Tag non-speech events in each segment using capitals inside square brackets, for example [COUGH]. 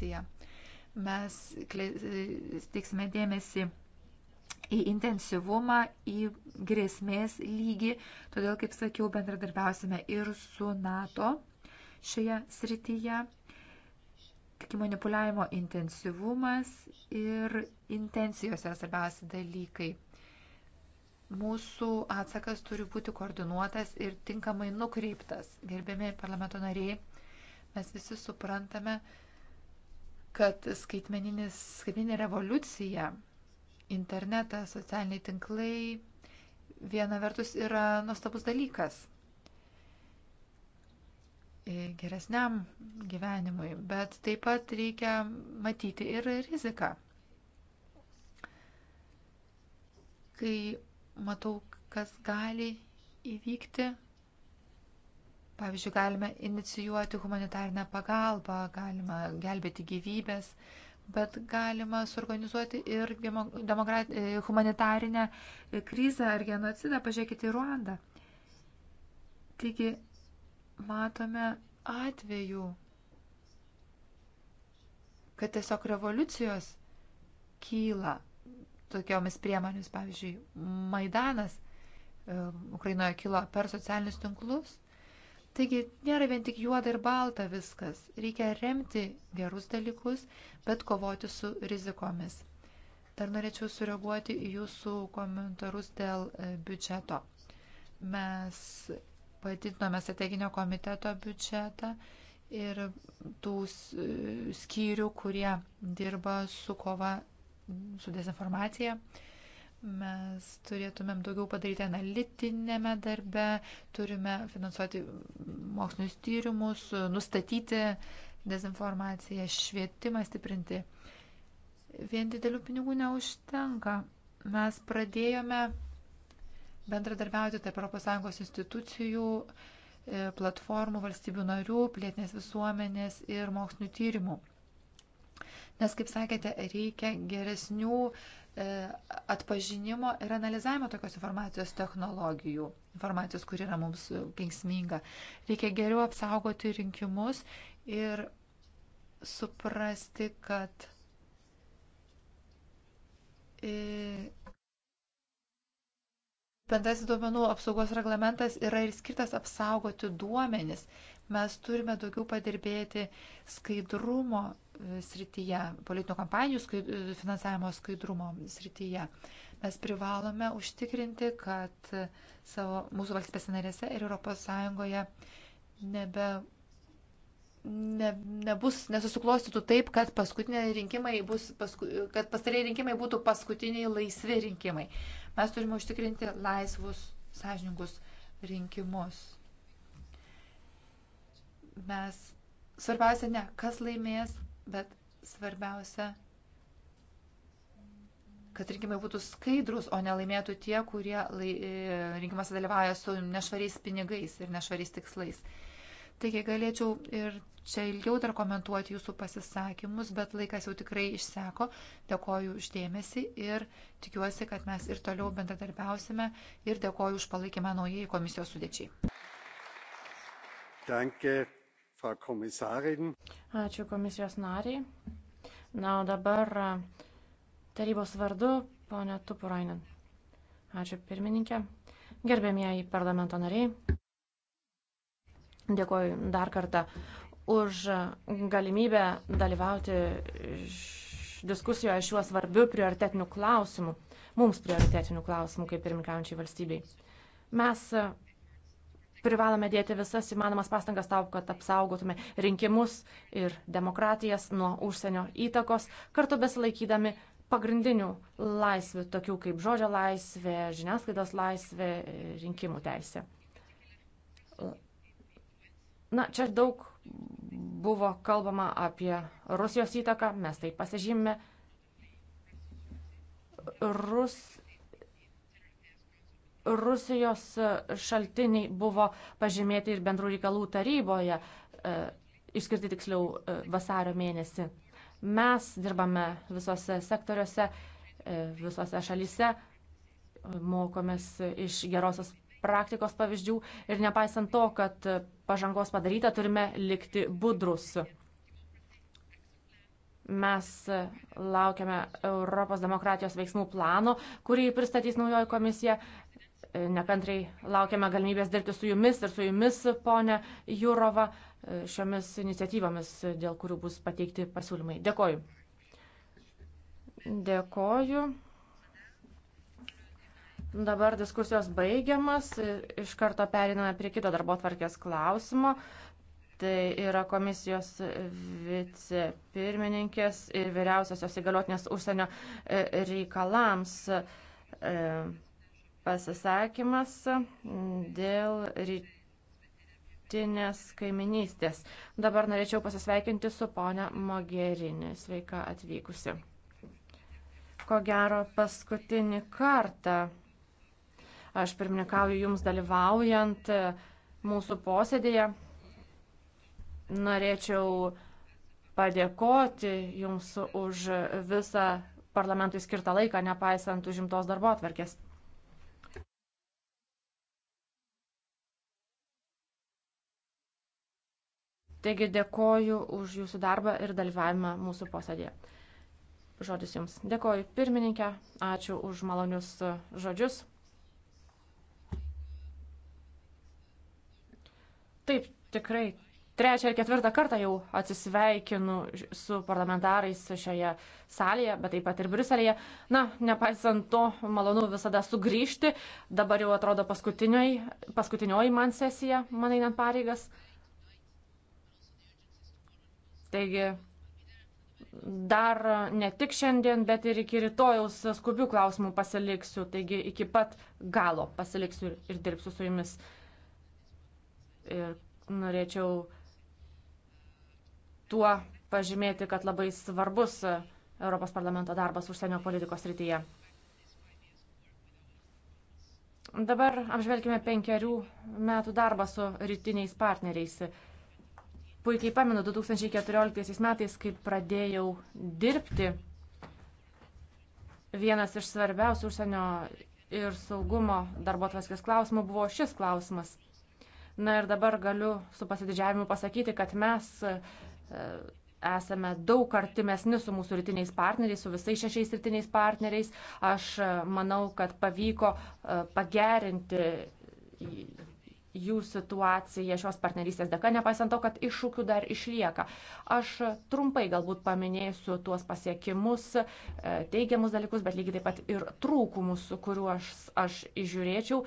srityje. Mes steiksime dėmesį į intensyvumą, į grėsmės lygį, todėl, kaip sakiau, bendradarbiausime ir su NATO šioje srityje. Tik manipuliavimo intensyvumas ir intencijos yra svarbiausi dalykai mūsų atsakas turi būti koordinuotas ir tinkamai nukreiptas. Gerbiami parlamento nariai, mes visi suprantame, kad skaitmeninė revoliucija, internetas, socialiniai tinklai viena vertus yra nuostabus dalykas geresniam gyvenimui, bet taip pat reikia matyti ir riziką. Kai matau, kas gali įvykti, Pavyzdžiui, galime inicijuoti humanitarinę pagalbą, galima gelbėti gyvybės, bet galima suorganizuoti ir e, humanitarinę krizę ar genocidą. Pažiūrėkite į Ruandą. Taigi, matome atvejų, kad tiesiog revoliucijos kyla tokiomis priemonėmis, pavyzdžiui, Maidanas e, Ukrainoje kilo per socialinius tinklus Taigi nėra vien tik juoda ir balta viskas. Reikia remti gerus dalykus, bet kovoti su rizikomis. Dar norėčiau sureaguoti į jūsų komentarus dėl e, biudžeto. Mes padidinome strateginio komiteto biudžetą ir tų e, skyrių, kurie dirba su kova su dezinformacija. Mes turėtumėm daugiau padaryti analitinėme darbe, turime finansuoti mokslinius tyrimus, nustatyti dezinformaciją, švietimą stiprinti. Vien didelių pinigų neužtenka. Mes pradėjome bendradarbiauti tarp ES institucijų, e, platformų, valstybių narių, plėtinės visuomenės ir mokslinių tyrimų. Nes, kaip sakėte, reikia geresnių e, atpažinimo ir analizavimo tokios informacijos technologijų, informacijos, kur yra mums kengsminga. Reikia geriau apsaugoti rinkimus ir suprasti, kad e, bendrasis duomenų apsaugos reglamentas yra ir skirtas apsaugoti duomenis. Mes turime daugiau padirbėti skaidrumo srityje, politinių kampanijų skaid, finansavimo skaidrumo srityje. Mes privalome užtikrinti, kad savo, mūsų valstybės narėse ir ES nebe, ne, nebus, nesusiklostytų taip, kad, rinkimai bus, pasku, kad pastarėjai rinkimai būtų paskutiniai laisvi rinkimai. Mes turime užtikrinti laisvus, sąžininkus rinkimus mes svarbiausia ne kas laimės, bet svarbiausia, kad rinkimai būtų skaidrus, o nelaimėtų tie, kurie lai, e, rinkimuose dalyvauja su nešvariais pinigais ir nešvariais tikslais. Taigi galėčiau ir čia ilgiau dar komentuoti jūsų pasisakymus, bet laikas jau tikrai išseko. Dėkoju uždėmesi ir tikiuosi, kad mes ir toliau bendradarbiausime ir dėkoju už palaikymą naujai komisijos sudėčiai. Danke. Frau Kommissarin. Ačiū komisijos nariai. Na, o dabar tarybos vardu, ponė Tupurainen. Ačiū pirmininkė. Gerbėmieji parlamento nariai. Dėkuoju dar kartą už galimybę dalyvauti diskusijoje šiuo svarbiu prioritetiniu klausimu, mums prioritetiniu klausimu kaip pirmininkaujančiai valstybei. Mes privalome dėti visas įmanomas pastangas tau, kad apsaugotume rinkimus ir demokratijas nuo užsienio įtakos, kartu besilaikydami pagrindinių laisvių, tokių kaip žodžio laisvė, žiniasklaidos laisvė, rinkimų teisė. Na, čia daug buvo kalbama apie Rusijos įtaką, mes tai pasižymime. Rus, Rusijos šaltiniai buvo pažymėti ir bendrų reikalų taryboje, e, išskirti tiksliau e, vasario mėnesį. Mes dirbame visose sektoriuose, e, visose šalyse, mokomės iš gerosios praktikos pavyzdžių ir nepaisant to, kad pažangos padaryta, turime likti budrus. Mes laukiame Europos demokratijos veiksmų plano, kurį pristatys naujoji komisija nekantrai laukiame galimybės dirbti su jumis ir su jumis, ponė Jurova, šiomis iniciatyvomis, dėl kurių bus pateikti pasiūlymai. Dėkoju. Dėkoju. Dabar diskusijos baigiamas. Iš karto periname prie kito darbo tvarkės klausimo. Tai yra komisijos vicepirmininkės ir vyriausiosios įgaliotinės užsienio reikalams. E, pasisakymas dėl rytinės kaiminystės. Dabar norėčiau pasisveikinti su ponia Mogerinė. Sveika atvykusi. Ko gero paskutinį kartą aš pirmininkauju jums dalyvaujant mūsų posėdėje. Norėčiau padėkoti jums už visą parlamentui skirtą laiką, nepaisant užimtos darbo atverkės. Taigi dėkoju už jūsų darbą ir dalyvavimą mūsų posėdėje. Žodis jums. Dėkoju pirmininkė, ačiū už malonius žodžius. Taip, tikrai. Trečią ir ketvirtą kartą jau atsisveikinu su parlamentarais šioje salėje, bet taip pat ir Briuselėje. Na, nepaisant to, malonu visada sugrįžti. Dabar jau atrodo paskutinioji man sesija, man einant pareigas. Taigi dar ne tik šiandien, bet ir iki rytojaus skubių klausimų pasiliksiu. Taigi iki pat galo pasiliksiu ir dirbsiu su jumis. Ir norėčiau tuo pažymėti, kad labai svarbus Europos parlamento darbas užsienio politikos rytyje. Dabar apžvelgime penkerių metų darbą su rytiniais partneriais. Puikiai pamenu 2014 metais, kai pradėjau dirbti, vienas iš svarbiausių užsienio ir saugumo darbo atvaskės klausimų buvo šis klausimas. Na ir dabar galiu su pasididžiavimu pasakyti, kad mes e, esame daug artimesni su mūsų rytiniais partneriais, su visais šešiais rytiniais partneriais. Aš e, manau, kad pavyko e, pagerinti jų situacija šios partnerystės dėka, nepaisant to, kad iššūkių dar išlieka. Aš trumpai galbūt paminėsiu tuos pasiekimus, e, teigiamus dalykus, bet lygiai taip pat ir trūkumus, kuriuos aš, aš išžiūrėčiau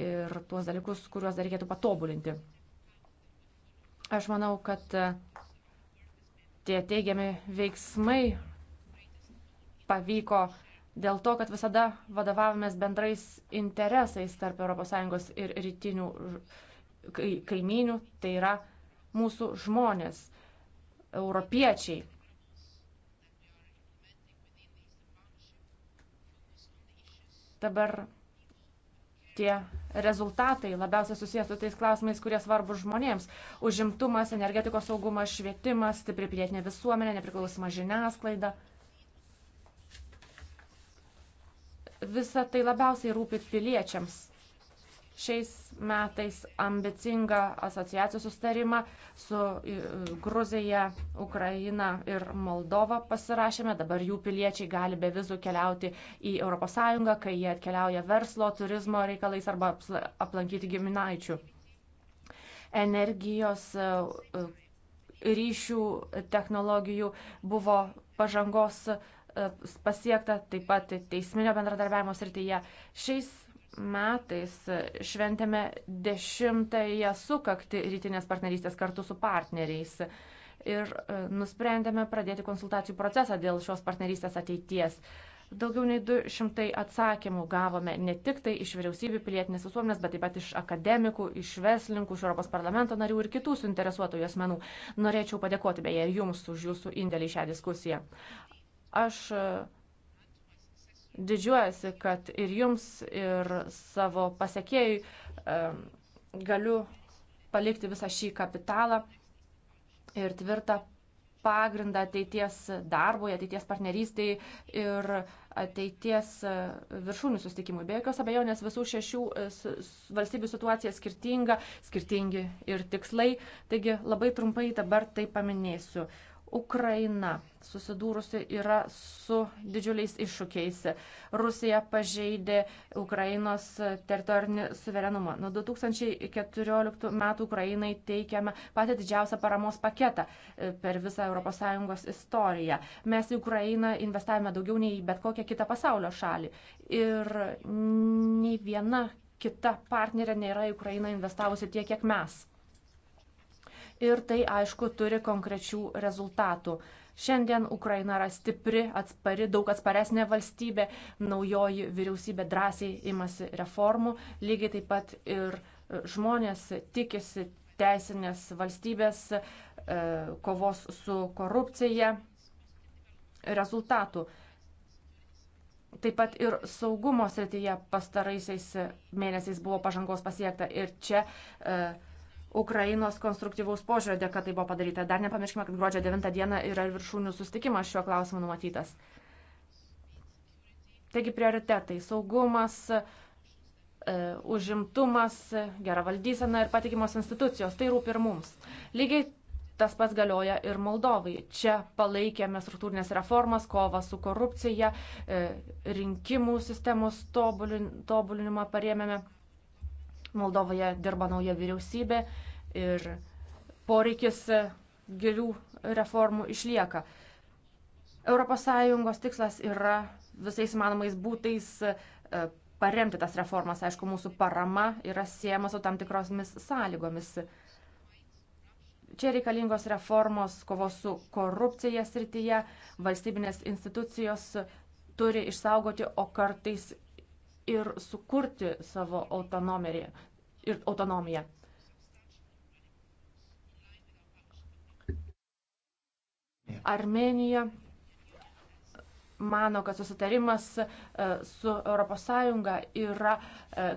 ir tuos dalykus, kuriuos dar reikėtų patobulinti. Aš manau, kad e, tie teigiami veiksmai pavyko dėl to, kad visada vadovavomės bendrais interesais tarp ES ir rytinių kaimynių, tai yra mūsų žmonės, europiečiai. Dabar tie rezultatai labiausiai susijęs su tais klausimais, kurie svarbus žmonėms. Užimtumas, energetikos saugumas, švietimas, stipri pilietinė visuomenė, nepriklausoma žiniasklaida. Visa tai labiausiai rūpi piliečiams. Šiais metais ambicingą asociacijų sustarimą su Gruzija, Ukraina ir Moldova pasirašėme. Dabar jų piliečiai gali be vizų keliauti į ES, kai jie atkeliauja verslo, turizmo reikalais arba aplankyti giminaičių. Energijos e, e, ryšių technologijų buvo pažangos E, pasiekta, taip pat teisminio bendradarbiavimo srityje. Šiais metais šventėme dešimtąją sukakti rytinės partnerystės kartu su partneriais ir e, nusprendėme pradėti konsultacijų procesą dėl šios partnerystės ateities. Daugiau nei 200 atsakymų gavome ne tik tai iš vyriausybių pilietinės visuomenės, bet taip pat iš akademikų, iš verslininkų, iš Europos parlamento narių ir kitų suinteresuotojų asmenų. Norėčiau padėkoti beje Jums už Jūsų indėlį į šią diskusiją. Aš e, didžiuojasi, kad ir jums, ir savo pasiekėjui e, galiu palikti visą šį kapitalą ir tvirtą pagrindą ateities darbui, ateities partnerystiai ir ateities e, viršūnių sustikimui. Be jokios abejonės visų šešių e, valstybių situacija skirtinga, skirtingi ir tikslai. Taigi labai trumpai dabar tai paminėsiu. Ukraina susidūrusi yra su didžiuliais iššūkiais. Rusija pažeidė Ukrainos teritorinį suverenumą. Nuo 2014 metų Ukrainai teikiame patį didžiausią paramos paketą e, per visą ES istoriją. Mes į Ukrainą investavome daugiau nei į bet kokią kitą pasaulio šalį. Ir nei viena kita partnerė nėra į Ukrainą investavusi tiek, kiek mes ir tai aišku turi konkrečių rezultatų. Šiandien Ukraina yra stipri, atspari, daug atsparesnė valstybė, naujoji vyriausybė drąsiai imasi reformų, lygiai taip pat ir e, žmonės tikisi teisinės valstybės, e, kovos su korupcija rezultatų. Taip pat ir saugumo srityje pastaraisiais mėnesiais buvo pažangos pasiekta ir čia uh, Ukrainos konstruktyvaus požiūrio dėka tai buvo padaryta. Dar nepamirškime, kad gruodžio 9 dieną yra viršūnių sustikimas šiuo klausimu numatytas. Taigi prioritetai - saugumas, e, užimtumas, gera valdysena ir patikimos institucijos. Tai rūpi ir mums. Lygiai tas pats galioja ir Moldovai. Čia palaikėme struktūrinės reformas, kovą su korupcija, e, rinkimų sistemos tobulinimą parėmėme. Moldovoje dirba nauja vyriausybė ir poreikis gilių reformų išlieka. ES tikslas yra visais manomais būtais e, paremti tas reformas. Aišku, mūsų parama yra siejama su tam tikrosmis sąlygomis. Čia reikalingos reformos kovos su korupcija srityje, valstybinės institucijos turi išsaugoti, o kartais ir sukurti savo ir autonomiją. Armenija mano, kad susitarimas e, su ES yra e,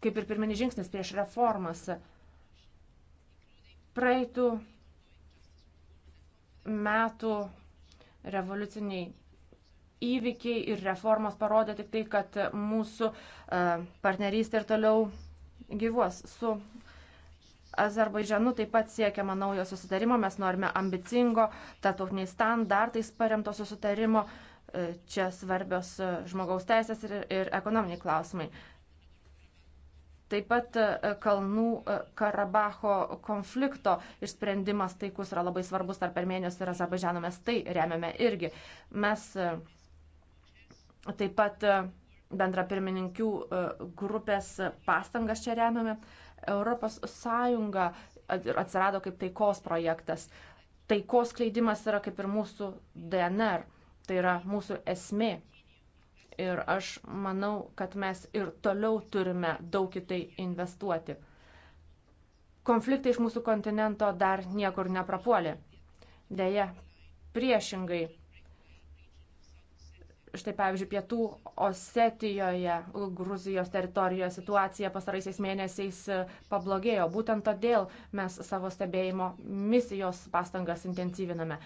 kaip ir pirminis žingsnis prieš reformas. Praeitų metų revoliuciniai įvykiai ir reformos parodė tik tai, kad mūsų e, partnerystė ir toliau gyvuos. Su Azerbaidžianu taip pat siekiama naujo susitarimo, mes norime ambicingo, tarptautiniais standartais paremto susitarimo, e, čia svarbios e, žmogaus teisės ir, ir ekonominiai klausimai. Taip pat Kalnų Karabacho konflikto išsprendimas taikus yra labai svarbus tarp Armenijos ir Azerbaidžiano, mes tai remiame irgi. Mes Taip pat e, bendra pirmininkių e, grupės pastangas čia remiame. Europos Sąjunga atsirado kaip taikos projektas. Taikos kleidimas yra kaip ir mūsų DNR, tai yra mūsų esmė. Ir aš manau, kad mes ir toliau turime daug į tai investuoti. Konfliktai iš mūsų kontinento dar niekur neprapuolė. Deja, priešingai Štai pavyzdžiui, pietų Osetijoje, Gruzijos teritorijoje situacija pasaraisiais mėnesiais e, pablogėjo. Būtent todėl mes savo stebėjimo misijos pastangas intensyviname.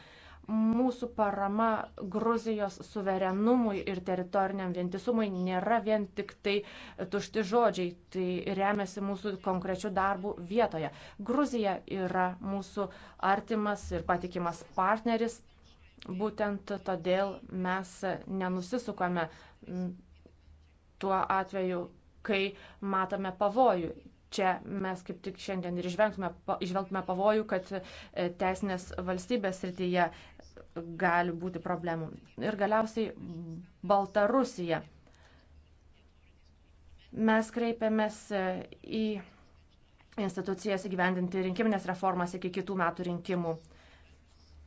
Mūsų parama Gruzijos suverenumui ir teritoriniam vientisumui nėra vien tik tai tušti žodžiai, tai remiasi mūsų konkrečių darbų vietoje. Gruzija yra mūsų artimas ir patikimas partneris, Būtent todėl mes nenusisukame tuo atveju, kai matome pavojų. Čia mes kaip tik šiandien ir išvelgtume pavojų, kad e, teisinės valstybės rytyje gali būti problemų. Ir galiausiai Baltarusija. Mes kreipiamės e, į institucijas įgyvendinti rinkiminės reformas iki kitų metų rinkimų.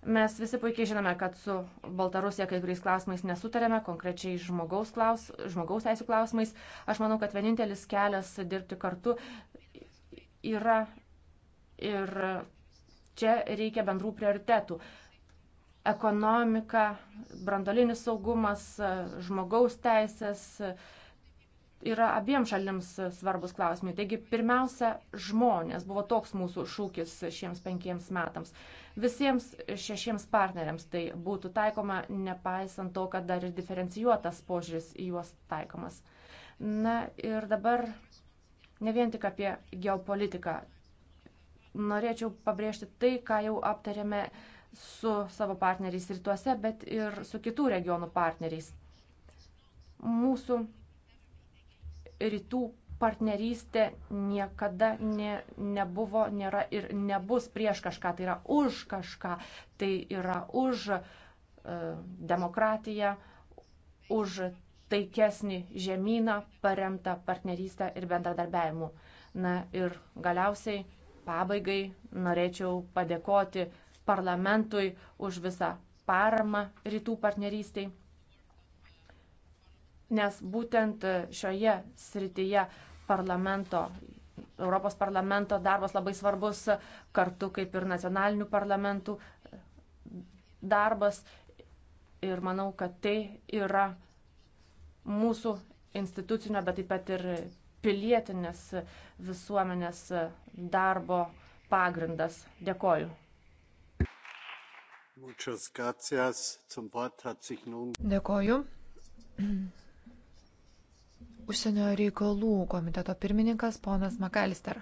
Mes visi puikiai žinome, kad su Baltarusija kai kuriais klausimais nesutarėme, konkrečiai žmogaus, klaus, žmogaus teisų klausimais. Aš manau, kad vienintelis kelias dirbti kartu yra ir čia reikia bendrų prioritetų. Ekonomika, brandolinis saugumas, žmogaus teisės, yra abiem šalims svarbus klausimai. Taigi, pirmiausia, žmonės buvo toks mūsų šūkis šiems penkiems metams. Visiems šešiems partneriams tai būtų taikoma, nepaisant to, kad dar ir diferencijuotas požiūris į juos taikomas. Na ir dabar ne vien tik apie geopolitiką. Norėčiau pabrėžti tai, ką jau aptarėme su savo partneriais rytuose, bet ir su kitų regionų partneriais. Mūsų rytų partnerystė niekada ne, nebuvo, nėra ir nebus prieš kažką, tai yra už kažką, tai yra už e, demokratiją, už taikesnį žemyną paremtą partnerystę ir bendradarbiavimu. Na ir galiausiai pabaigai norėčiau padėkoti parlamentui už visą paramą rytų partnerystiai nes būtent šioje srityje parlamento, Europos parlamento darbas labai svarbus, kartu kaip ir nacionalinių parlamentų darbas. Ir manau, kad tai yra mūsų institucinio, bet taip pat ir pilietinės visuomenės darbo pagrindas. Dėkoju. Dėkoju užsienio reikalų komiteto pirmininkas ponas Makalister.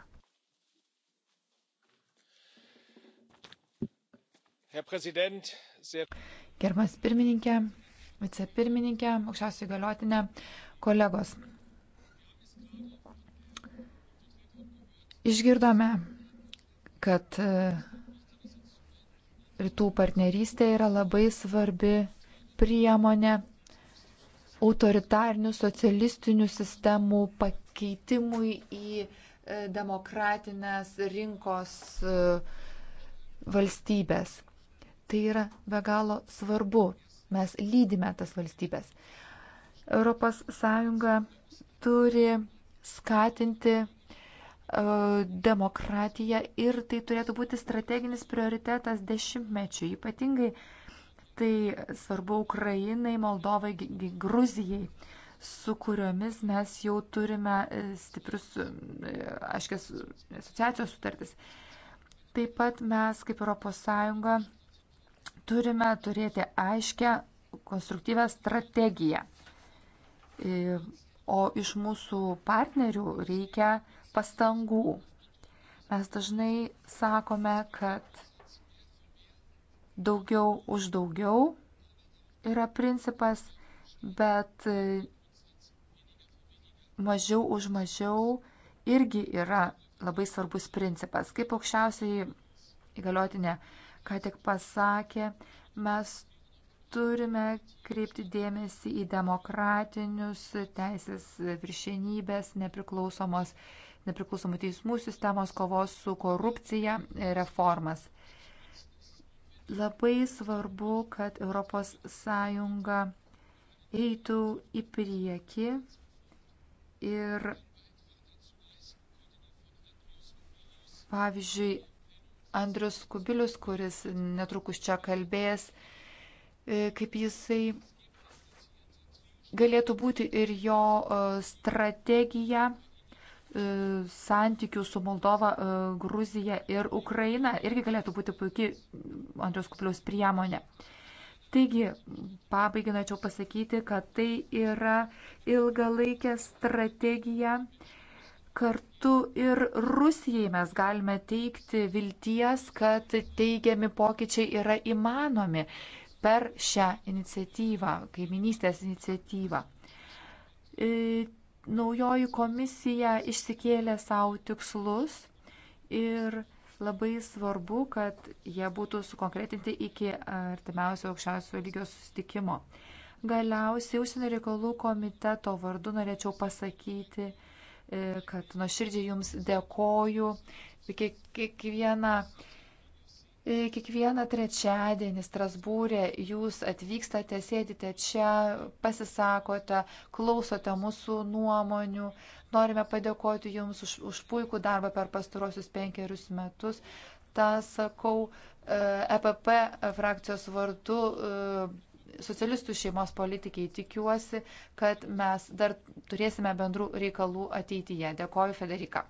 Gerbiamas pirmininkė, vicepirmininkė, aukščiausiai galiotinė, kolegos. Išgirdome, kad e, rytų partnerystė yra labai svarbi priemonė autoritarnių socialistinių sistemų pakeitimui į e, demokratinės rinkos e, valstybės. Tai yra be galo svarbu. Mes lydime tas valstybės. ES turi skatinti e, demokratiją ir tai turėtų būti strateginis prioritetas dešimtmečiui, ypatingai tai svarbu Ukrainai, Moldovai, Gruzijai, su kuriomis mes jau turime e, stiprius, e, aiškės, asociacijos sutartis. Taip pat mes kaip ES turime turėti aiškę konstruktyvę strategiją. E, o iš mūsų partnerių reikia pastangų. Mes dažnai sakome, kad Daugiau už daugiau yra principas, bet mažiau už mažiau irgi yra labai svarbus principas. Kaip aukščiausiai įgaliotinė ką tik pasakė, mes turime kreipti dėmesį į demokratinius teisės viršienybės, nepriklausomos, nepriklausomų teismų sistemos, kovos su korupcija reformas. Labai svarbu, kad ES eitų į priekį ir, pavyzdžiui, Andrius Kubilius, kuris netrukus čia kalbės, e, kaip jisai galėtų būti ir jo e, strategija E, santykių su Moldova, e, Gruzija ir Ukraina irgi galėtų būti puikiai Andrius Kupliaus priemonė. Taigi, pabaigai norėčiau pasakyti, kad tai yra ilgalaikė strategija. Kartu ir Rusijai mes galime teikti vilties, kad teigiami pokyčiai yra įmanomi per šią iniciatyvą, kaiminystės iniciatyvą. E, Naujoji komisija išsikėlė savo tikslus ir labai svarbu, kad jie būtų sukonkretinti iki e, artimiausio aukščiausio lygio susitikimo. Galiausiai užsienio reikalų komiteto vardu norėčiau pasakyti, e, kad nuoširdžiai jums dėkoju kiekvieną E, kiekvieną trečiadienį Strasbūrė jūs atvykstate, sėdite čia, pasisakote, klausote mūsų nuomonių. Norime padėkoti Jums už, už puikų darbą per pastarosius penkerius metus. Ta sakau EPP e frakcijos vardu e, socialistų šeimos politikiai. Tikiuosi, kad mes dar turėsime bendrų reikalų ateityje. Dėkoju, Federika.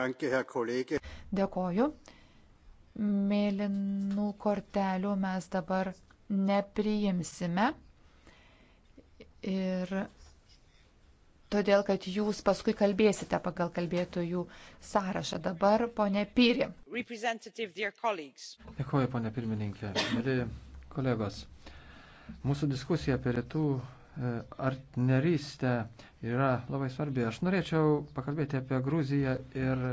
Danke, Herr Kollege. Dėkoju. Mėlynų kortelių mes dabar nepriimsime. Ir todėl, kad jūs paskui kalbėsite pagal kalbėtojų sąrašą. Dabar ponė Pyri. Dėkuoju, ponė pirmininkė. Mėly kolegos, mūsų diskusija apie rytų partnerystė e, yra labai svarbi. Aš norėčiau pakalbėti apie Gruziją ir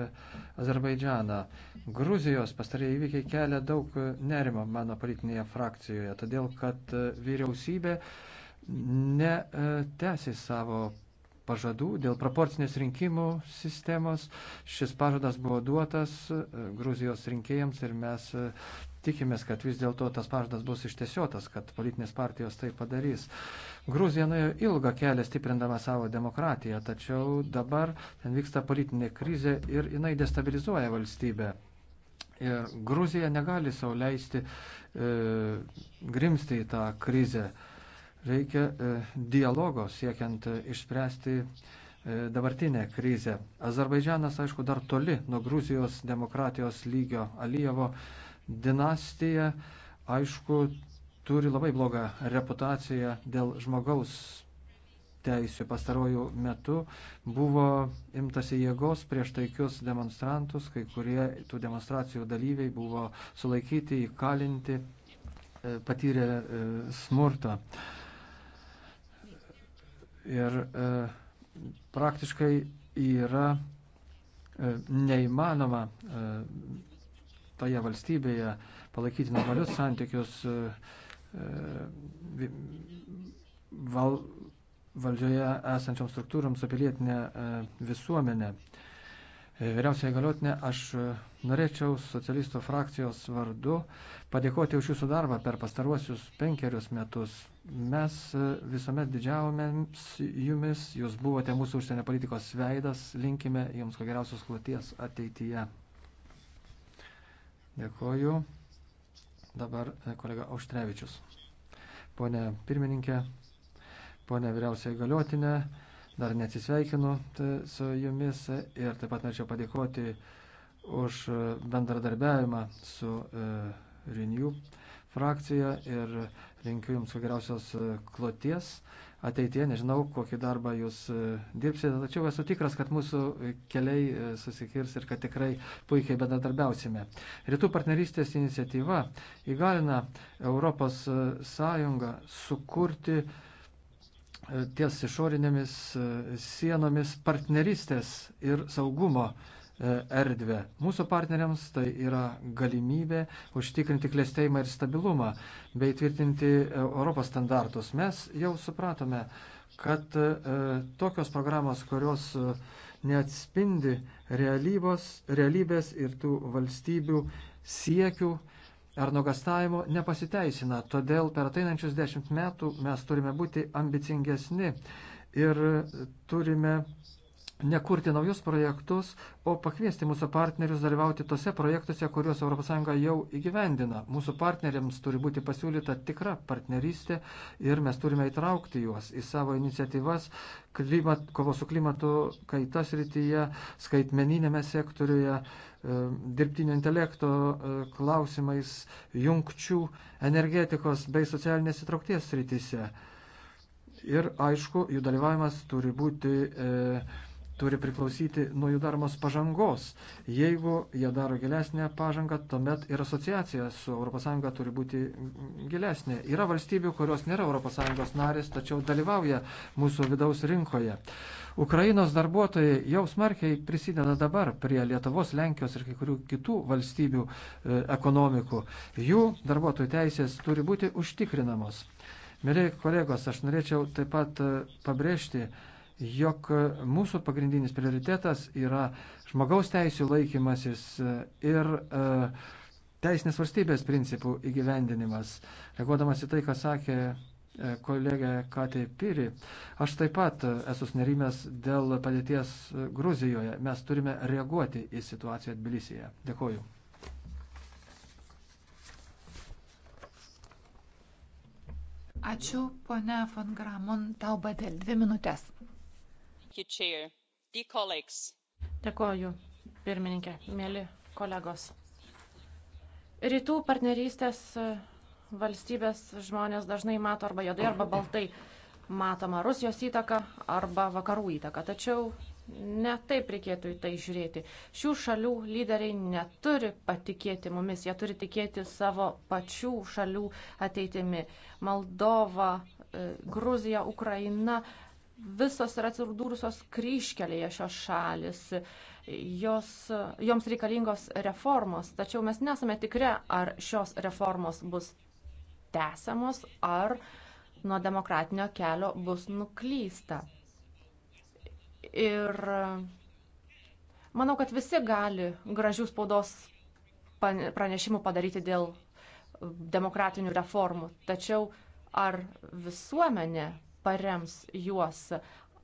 Azerbaidžaną. Gruzijos pastarieji įvykiai kelia daug nerimo mano politinėje frakcijoje, todėl kad vyriausybė netesi savo pažadų dėl proporcinės rinkimų sistemos. Šis pažadas buvo duotas Gruzijos rinkėjams ir mes tikimės, kad vis dėlto tas pažadas bus ištiesiotas, kad politinės partijos tai padarys. Gruzija nuėjo ilgą kelią stiprindama savo demokratiją, tačiau dabar ten vyksta politinė krizė ir jinai destabilizuoja valstybę. Ir Gruzija negali sauliaisti e, grimsti į tą krizę. Reikia e, dialogo siekiant e, išspręsti e, dabartinę krizę. Azerbaidžianas, aišku, dar toli nuo Gruzijos demokratijos lygio Alijevo. E, dinastija, aišku, turi labai blogą reputaciją dėl žmogaus teisų. Pastarojų metų buvo imtasi jėgos prieš taikius demonstrantus, kai kurie tų demonstracijų dalyviai buvo sulaikyti, įkalinti, e, patyrė e, smurtą. Ir e, praktiškai yra neįmanoma toje valstybėje, palaikyti normalius santykius e, e, val, valdžioje esančiom struktūrom su pilietinė e, visuomenė. Vyriausiai galiotinė, aš norėčiau socialistų frakcijos vardu padėkoti už jūsų darbą per pastaruosius penkerius metus. Mes visuomet didžiavomės jumis, jūs buvote mūsų užsienio politikos veidas, linkime jums ko geriausios kloties ateityje. Dėkoju. Dabar e, kolega Auštrevičius. Pone pirmininkė, pone vyriausiai galiotinė, dar neatsisveikinu su jumis ir taip pat norėčiau padėkoti už e, bendradarbiavimą su e, Renew frakcija ir linkiu jums geriausios e, kloties ateitie, nežinau, kokį darbą jūs e, dirbsite, tačiau esu tikras, kad mūsų keliai e, susikirs ir kad tikrai puikiai bendradarbiausime. Rytų partnerystės iniciatyva įgalina Europos e, Sąjungą sukurti ties išorinėmis sienomis partnerystės ir saugumo E, erdvę. Mūsų partneriams tai yra galimybė užtikrinti klėstėjimą ir stabilumą bei tvirtinti e, Europos standartus. Mes jau supratome, kad e, tokios programos, kurios neatspindi realybos, realybės ir tų valstybių siekių, ar nuogastavimo nepasiteisina. Todėl per ateinančius dešimt metų mes turime būti ambicingesni ir turime nekurti naujus projektus, o pakviesti mūsų partnerius dalyvauti tose projektuose, kuriuos ES jau įgyvendina. Mūsų partneriams turi būti pasiūlyta tikra partnerystė ir mes turime įtraukti juos į savo iniciatyvas klimat, kovos su klimato kaitas rytyje, skaitmeninėme sektoriuje, e, dirbtinio intelekto e, klausimais, jungčių, energetikos bei socialinės įtraukties rytise. Ir aišku, jų dalyvavimas turi būti e, turi priklausyti nuo jų daromos pažangos. Jeigu jie daro gilesnę pažangą, tuomet ir asociacija su ES turi būti gilesnė. Yra valstybių, kurios nėra ES narės, tačiau dalyvauja mūsų vidaus rinkoje. Ukrainos darbuotojai jau smarkiai prisideda dabar prie Lietuvos, Lenkijos ir kai kurių kitų valstybių e, ekonomikų. Jų darbuotojų teisės turi būti užtikrinamos. Mėly kolegos, aš norėčiau taip pat e, pabrėžti, jog mūsų pagrindinis prioritetas yra žmogaus teisų laikymasis ir e, teisinės valstybės principų įgyvendinimas. Reaguodamas į tai, ką sakė e, kolegė Katė Piri, aš taip pat esu nerimės dėl padėties Gruzijoje. Mes turime reaguoti į situaciją Tbilisėje. Dėkoju. Ačiū, ponia von Gramon, tau badėl dvi minutės. Dėkoju, pirmininkė, mėly kolegos. Rytų partnerystės e, valstybės žmonės dažnai mato arba jodai, arba baltai matoma Rusijos įtaka arba vakarų įtaka. Tačiau ne taip reikėtų į tai žiūrėti. Šių šalių lyderiai neturi patikėti mumis, jie turi tikėti savo pačių šalių ateitimi. Moldova, e, Gruzija, Ukraina visos yra atsidūrusios kryškelėje šios šalis, jos, joms reikalingos reformos, tačiau mes nesame tikri, ar šios reformos bus tęsiamos, ar nuo demokratinio kelio bus nuklysta. Ir manau, kad visi gali gražių spaudos pranešimų padaryti dėl demokratinių reformų, tačiau ar visuomenė parems juos,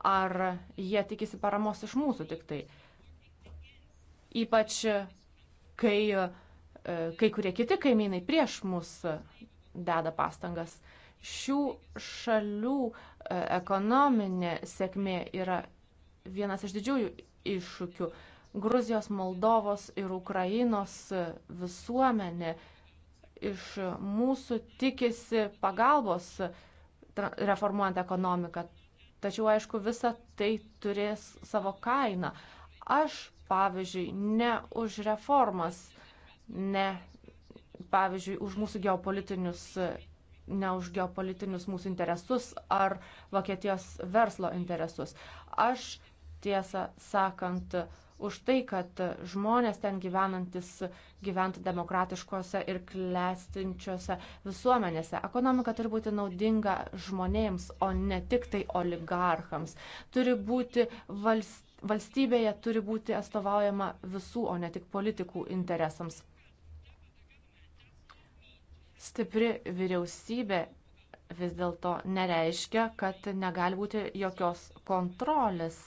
ar jie tikisi paramos iš mūsų tik tai. Ypač kai e, kai kurie kiti kaimynai prieš mus deda pastangas. Šių šalių e, ekonominė sėkmė yra vienas iš didžiųjų iššūkių. Gruzijos, Moldovos ir Ukrainos visuomenė iš mūsų tikisi pagalbos reformuojant ekonomiką. Tačiau, aišku, visa tai turės savo kainą. Aš, pavyzdžiui, ne už reformas, ne, pavyzdžiui, už mūsų geopolitinius, ne už geopolitinius mūsų interesus ar Vokietijos verslo interesus. Aš, tiesą sakant, uh, už tai, kad žmonės ten gyvenantis gyventų demokratiškose ir klestinčiose visuomenėse. Ekonomika turi būti naudinga žmonėms, o ne tik tai oligarchams. Turi būti valstybė. Valstybėje turi būti atstovaujama visų, o ne tik politikų interesams. Stipri vyriausybė vis dėlto nereiškia, kad negali būti jokios kontrolės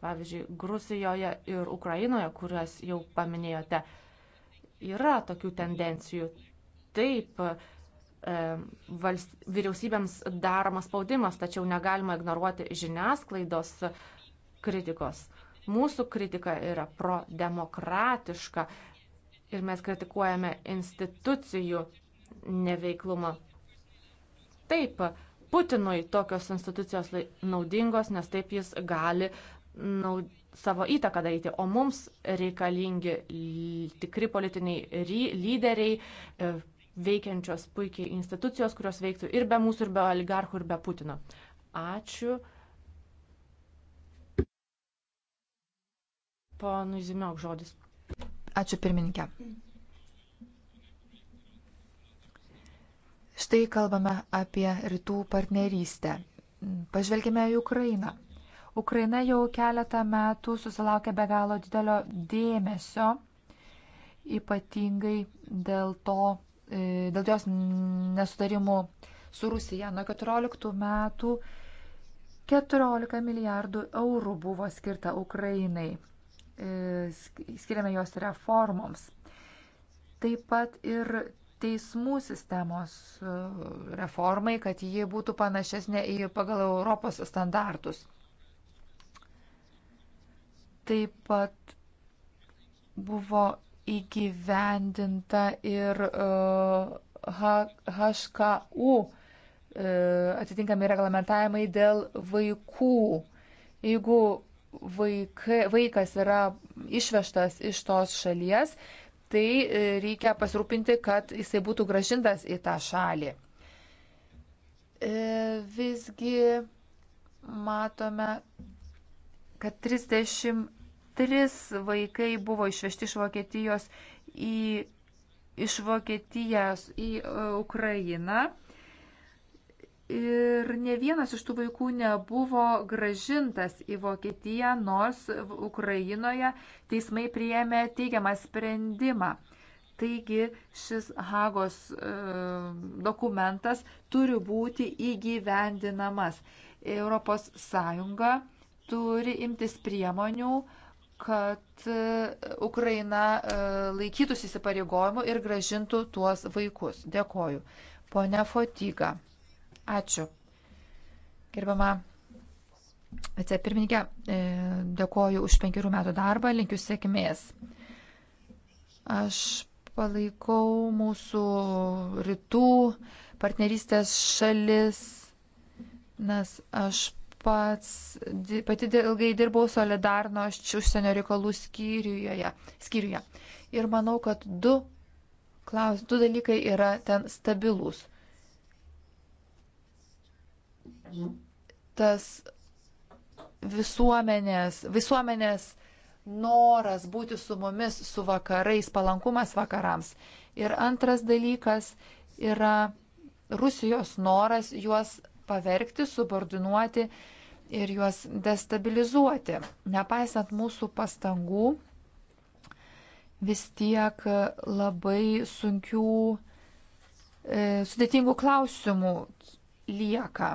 pavyzdžiui, Grusijoje ir Ukrainoje, kurias jau paminėjote, yra tokių tendencijų. Taip, e, valst, vyriausybėms daromas spaudimas, tačiau negalima ignoruoti žiniasklaidos kritikos. Mūsų kritika yra prodemokratiška ir mes kritikuojame institucijų neveiklumą. Taip, Putinui tokios institucijos naudingos, nes taip jis gali naud, savo įtaką daryti, o mums reikalingi tikri politiniai ry, lyderiai, e, veikiančios puikiai institucijos, kurios veiktų ir be mūsų, ir be oligarchų, ir be Putino. Ačiū. Ponui Zimiok žodis. Ačiū pirmininkė. Štai kalbame apie rytų partnerystę. Pažvelkime į Ukrainą. Ukraina jau keletą metų susilaukia be galo didelio dėmesio, ypatingai dėl to, e, dėl jos nesutarimų su Rusija. Nuo 14 metų 14 milijardų eurų buvo skirta Ukrainai, e, skiriame jos reformoms. Taip pat ir teismų sistemos e, reformai, kad ji būtų panašesnė į pagal Europos standartus. Taip pat buvo įgyvendinta ir HKU uh, uh, atitinkami reglamentavimai dėl vaikų. Jeigu vaikai, vaikas yra išvežtas iš tos šalies, tai uh, reikia pasirūpinti, kad jisai būtų gražintas į tą šalį. Visgi matome, kad 33 vaikai buvo išvežti iš Vokietijos į, iš Vokietijos į e, Ukrainą. Ir ne vienas iš tų vaikų nebuvo gražintas į Vokietiją, nors Ukrainoje teismai priėmė teigiamą sprendimą. Taigi šis Hagos e, dokumentas turi būti įgyvendinamas. Europos Sąjunga turi imtis priemonių, kad e, Ukraina e, laikytųsi įsipareigojimų ir gražintų tuos vaikus. Dėkoju. Pone Fotyga. Ačiū. Gerbama vicepirmininkė, e, dėkoju už penkerių metų darbą, linkiu sėkmės. Aš palaikau mūsų rytų partnerystės šalis, nes aš pats, pati ilgai dirbau Solidarno užsienio reikalų skyriuje, skyriuje. Ir manau, kad du, klaus, du dalykai yra ten stabilūs. Tas visuomenės, visuomenės noras būti su mumis, su vakarais, palankumas vakarams. Ir antras dalykas yra Rusijos noras juos pavergti, subordinuoti ir juos destabilizuoti. Nepaisant mūsų pastangų, vis tiek labai sunkių, e, sudėtingų klausimų lieka.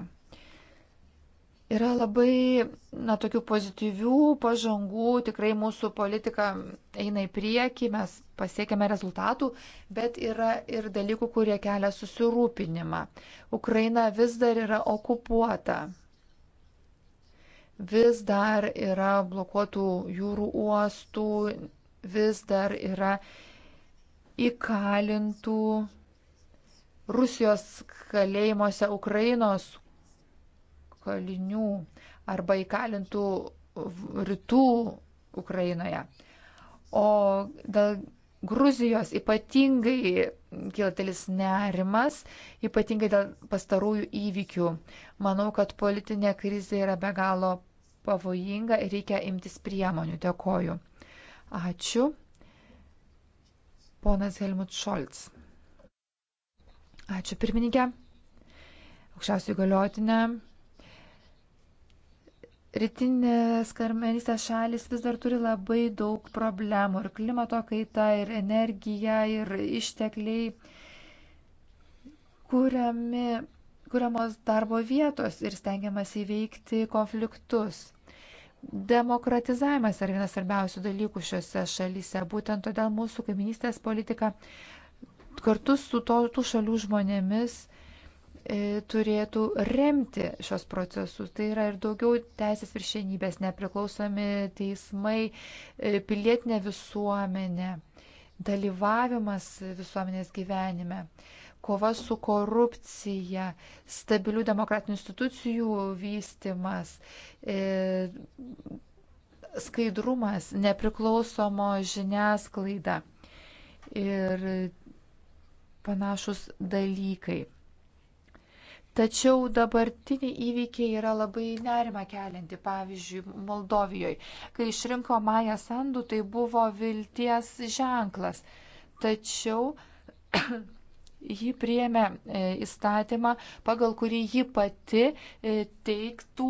Yra labai, na, tokių pozityvių pažangų, tikrai mūsų politika eina į priekį, mes pasiekėme rezultatų, bet yra ir dalykų, kurie kelia susirūpinimą. Ukraina vis dar yra okupuota, vis dar yra blokuotų jūrų uostų, vis dar yra įkalintų Rusijos kalėjimuose Ukrainos kalinių arba įkalintų rytų Ukrainoje. O dėl Gruzijos ypatingai kyla telis nerimas, ypatingai dėl pastarųjų įvykių. Manau, kad politinė krizė yra be galo pavojinga ir reikia imtis priemonių. Dėkoju. Ačiū. Ponas Helmut Šolts. Ačiū pirmininkė. Aukščiausių galiotinę rytinės karmelystės šalis vis dar turi labai daug problemų ir klimato kaita, ir energija, ir ištekliai, kuriami, kuriamos darbo vietos ir stengiamas įveikti konfliktus. Demokratizavimas yra vienas svarbiausių dalykų šiuose šalyse. Būtent todėl mūsų kaiminystės politika kartu su to, tų šalių žmonėmis E, turėtų remti šios procesus. Tai yra ir daugiau teisės viršienybės, nepriklausomi teismai, e, pilietinė visuomenė, dalyvavimas visuomenės gyvenime, kova su korupcija, stabilių demokratinių institucijų vystimas, e, skaidrumas, nepriklausomo žiniasklaida ir panašus dalykai. Tačiau dabartiniai įvykiai yra labai nerima kelianti, pavyzdžiui, Moldovijoje. Kai išrinko Maja Sandu, tai buvo vilties ženklas. Tačiau [CLEARS THROAT] ji priemė e, įstatymą, pagal kurį ji pati e, teiktų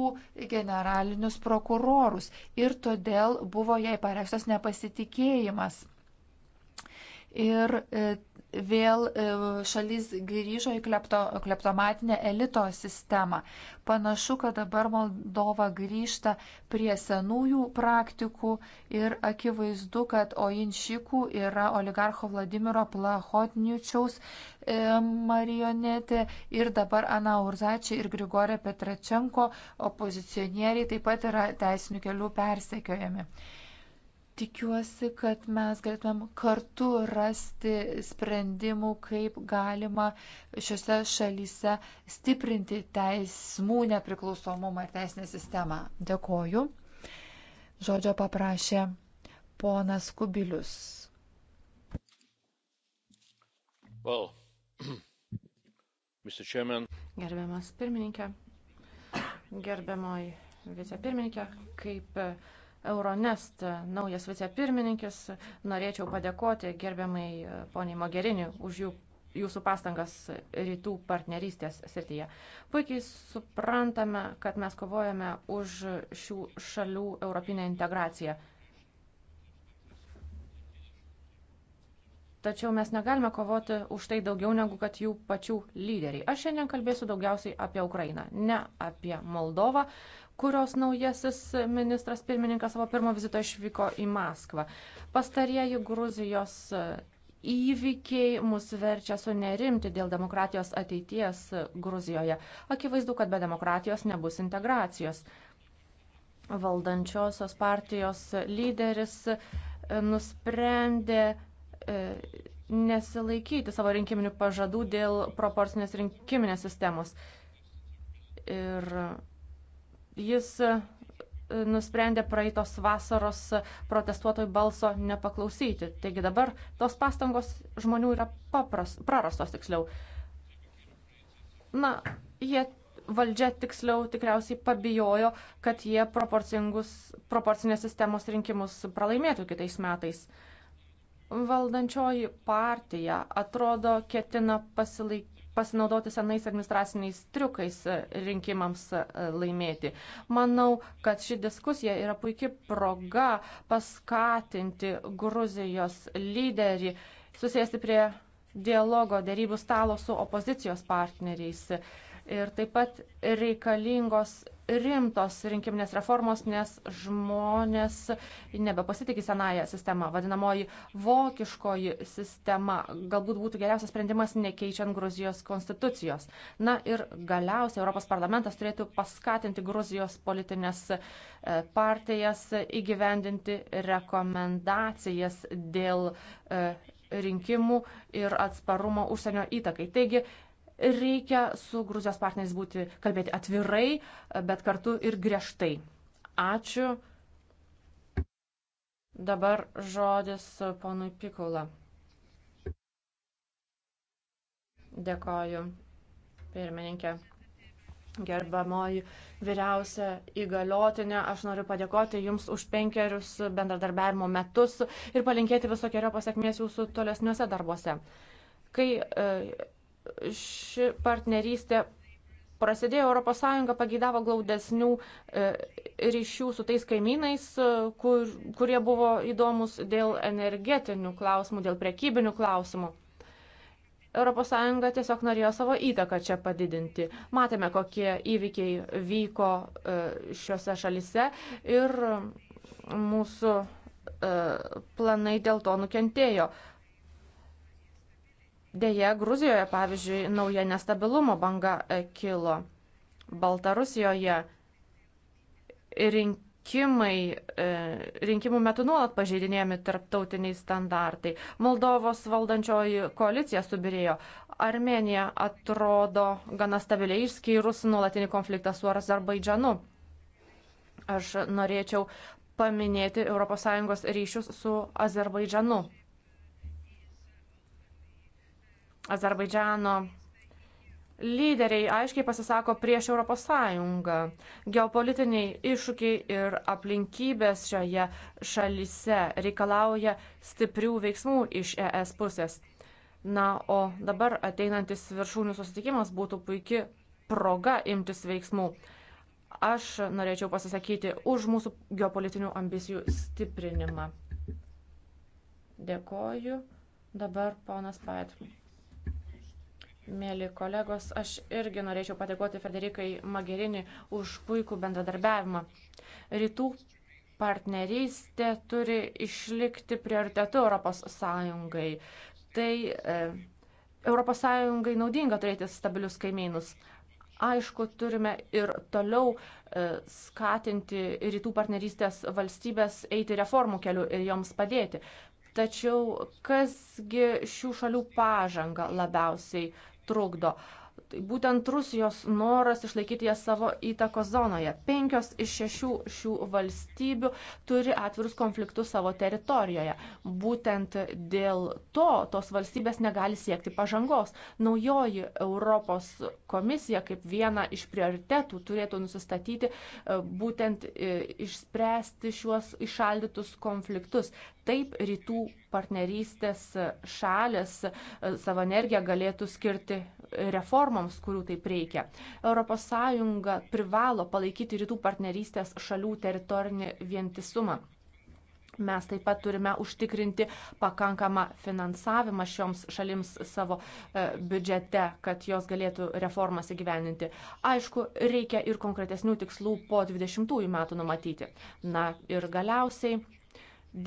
generalinius prokurorus. Ir todėl buvo jai pareikštas nepasitikėjimas. Ir e, vėl e, šalis grįžo į klepto, kleptomatinę elito sistemą. Panašu, kad dabar Moldova grįžta prie senųjų praktikų ir akivaizdu, kad Oinšikų yra oligarcho Vladimiro Plahotniučiaus e, marionetė ir dabar Ana Urzačia ir Grigorė Petračenko opozicionieriai taip pat yra teisinių kelių persekiojami. Tikiuosi, kad mes galėtumėm kartu rasti sprendimų, kaip galima šiuose šalyse stiprinti teismų nepriklausomumą ir teisinę sistemą. Dėkoju. Žodžio paprašė ponas Kubilius. Well, [CLEARS THROAT] Gerbiamas pirmininkė, gerbiamoji vicepirmininkė, kaip Euronest naujas vicepirmininkis. Norėčiau padėkoti gerbiamai e, poniai Mogerini už jų, jūsų pastangas rytų partnerystės srityje. Puikiai suprantame, kad mes kovojame už šių šalių europinę integraciją. tačiau mes negalime kovoti už tai daugiau negu kad jų pačių lyderiai. Aš šiandien kalbėsiu daugiausiai apie Ukrainą, ne apie Moldovą, kurios naujasis ministras pirmininkas savo pirmo vizito išvyko į Maskvą. Pastarieji Gruzijos įvykiai mus verčia sunerimti dėl demokratijos ateities Gruzijoje. Akivaizdu, kad be demokratijos nebus integracijos. Valdančiosios partijos lyderis e, nusprendė e, nesilaikyti savo rinkiminių pažadų dėl proporcinės rinkiminės sistemos. Ir Jis e, nusprendė praeitos vasaros protestuotojų balso nepaklausyti. Taigi dabar tos pastangos žmonių yra papras, prarastos tiksliau. Na, jie valdžia tiksliau tikriausiai pabijojo, kad jie proporcinės sistemos rinkimus pralaimėtų kitais metais. Valdančioji partija atrodo ketina pasilaik, pasinaudoti senais administraciniais triukais e, rinkimams e, laimėti. Manau, kad ši diskusija yra puikia proga paskatinti Gruzijos lyderį susėsti prie dialogo dėrybų stalo su opozicijos partneriais Ir taip pat reikalingos rimtos rinkiminės reformos, nes žmonės nebepasitikė senąją sistemą, vadinamoji vokiškoji sistema. Galbūt būtų geriausias sprendimas nekeičiant Gruzijos konstitucijos. Na ir galiausiai Europos parlamentas turėtų paskatinti Gruzijos politinės e, partijas įgyvendinti rekomendacijas dėl e, rinkimų ir atsparumo užsienio įtakai. Taigi Reikia su Gruzijos partneriais būti, kalbėti atvirai, bet kartu ir griežtai. Ačiū. Dabar žodis ponui Pikula. Dėkoju, pirmininkė. Gerbamoji vyriausia įgaliotinė, aš noriu padėkoti Jums už penkerius bendradarbiavimo metus ir palinkėti visokiojo pasiekmės Jūsų tolesniuose darbuose. Kai e, ši partnerystė prasidėjo ES pagydavo glaudesnių e, ryšių su tais kaimynais, e, kur, kurie buvo įdomus dėl energetinių klausimų, dėl prekybinių klausimų. ES tiesiog norėjo savo įtaką čia padidinti. Matėme, kokie įvykiai vyko e, šiuose šalise ir mūsų planai dėl to nukentėjo. Deja, Gruzijoje, pavyzdžiui, nauja nestabilumo banga e, kilo. Baltarusijoje rinkimai, e, rinkimų metu nuolat pažeidinėjami tarptautiniai standartai. Moldovos valdančioji koalicija subirėjo. Armenija atrodo gana stabiliai išskyrus nuolatinį konfliktą su Azerbaidžanu. Aš norėčiau paminėti ES ryšius su Azerbaidžanu. Azerbaidžiano lyderiai aiškiai pasisako prieš ES. Geopolitiniai iššūkiai ir aplinkybės šioje šalyse reikalauja stiprių veiksmų iš ES pusės. Na, o dabar ateinantis viršūnių susitikimas būtų puikia proga imtis veiksmų. Aš norėčiau pasisakyti už mūsų geopolitinių ambicijų stiprinimą. Dėkoju. Dabar ponas Paitmai. Mėly kolegos, aš irgi norėčiau padėkoti Federikai Magerini už puikų bendradarbiavimą. Rytų partnerystė turi išlikti prioritetu Europos Sąjungai. Tai e, Europos Sąjungai naudinga turėti stabilius kaimynus. Aišku, turime ir toliau e, skatinti rytų partnerystės valstybės eiti reformų keliu ir joms padėti. Tačiau kasgi šių šalių pažanga labiausiai trukdo būtent Rusijos noras išlaikyti ją savo įtakos zonoje. Penkios iš šešių šių valstybių turi atvirus konfliktus savo teritorijoje. Būtent dėl to tos valstybės negali siekti pažangos. Naujoji Europos komisija kaip viena iš prioritetų turėtų nusistatyti e, būtent e, išspręsti šiuos išaldytus konfliktus. Taip rytų partnerystės šalės e, savo energiją galėtų skirti reformoms, kurių taip reikia. ES privalo palaikyti rytų partnerystės šalių teritorinį vientisumą. Mes taip pat turime užtikrinti pakankamą finansavimą šioms šalims savo e, biudžete, kad jos galėtų reformas įgyveninti. Aišku, reikia ir konkretesnių tikslų po 20 metų numatyti. Na ir galiausiai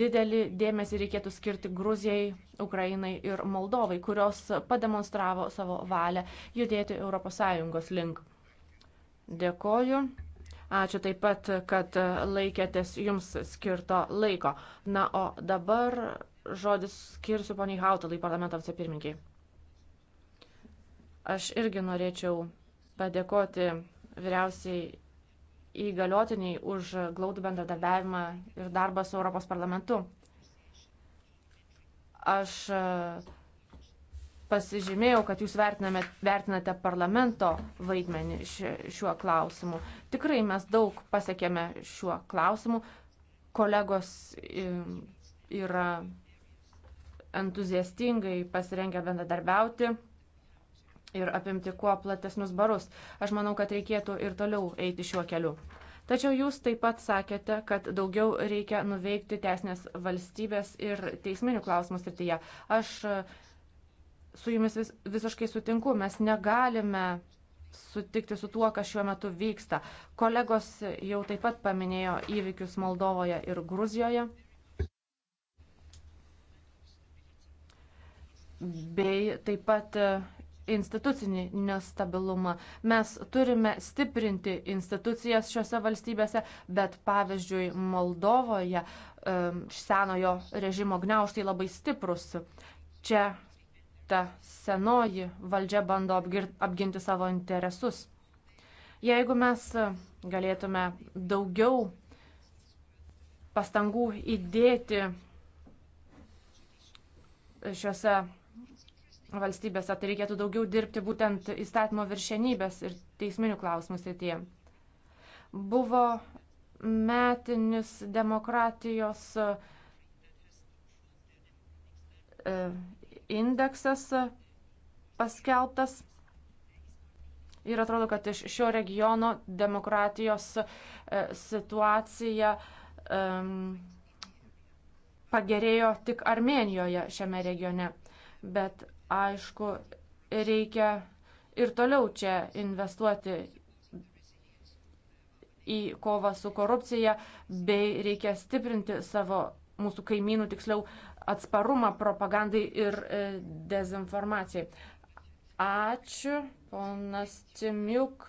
Didelį dėmesį reikėtų skirti Gruzijai, Ukrainai ir Moldovai, kurios pademonstravo savo valią judėti ES link. Dėkoju. Ačiū taip pat, kad laikėtės jums skirto laiko. Na, o dabar žodis skirsiu poniai Hautalai, parlamento vicepirminkiai. Aš irgi norėčiau padėkoti vyriausiai įgaliotiniai už glaudų bendradarbiavimą ir darbą su Europos parlamentu. Aš e, pasižymėjau, kad jūs vertinate parlamento vaidmenį šiuo klausimu. Tikrai mes daug pasiekėme šiuo klausimu. Kolegos e, yra entuziastingai pasirengę bendradarbiauti ir apimti kuo platesnius barus. Aš manau, kad reikėtų ir toliau eiti šiuo keliu. Tačiau jūs taip pat sakėte, kad daugiau reikia nuveikti teisinės valstybės ir teisminių klausimų srityje. Aš e, su jumis vis, visiškai sutinku, mes negalime sutikti su tuo, kas šiuo metu vyksta. Kolegos jau taip pat paminėjo įvykius Moldovoje ir Gruzijoje. Bei taip pat e, institucinį nestabilumą. Mes turime stiprinti institucijas šiuose valstybėse, bet pavyzdžiui Moldovoje senojo režimo gniauštai labai stiprus. Čia ta senoji valdžia bando apginti savo interesus. Jeigu mes galėtume daugiau pastangų įdėti šiuose valstybėse, tai reikėtų daugiau dirbti būtent įstatymo viršenybės ir teisminių klausimų srityje. Buvo metinis demokratijos e, indeksas paskelbtas ir atrodo, kad iš šio regiono demokratijos e, situacija pagerėjo tik Armenijoje šiame regione. Bet Aišku, reikia ir toliau čia investuoti į kovą su korupcija, bei reikia stiprinti savo mūsų kaimynų, tiksliau, atsparumą propagandai ir e, dezinformacijai. Ačiū, ponas Cimiuk,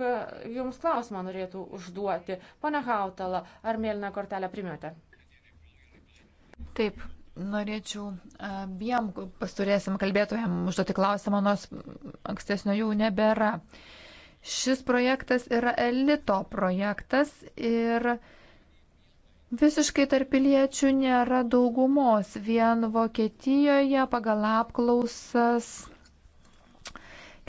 jums klausimą norėtų užduoti. Pone Hautala, ar mėlyną kortelę primėte? Taip, Norėčiau abiem pasturėsim kalbėtojam užduoti klausimą, nors ankstesnio jau nebėra. Šis projektas yra elito projektas ir Visiškai tarp piliečių nėra daugumos. Vien Vokietijoje pagal apklausas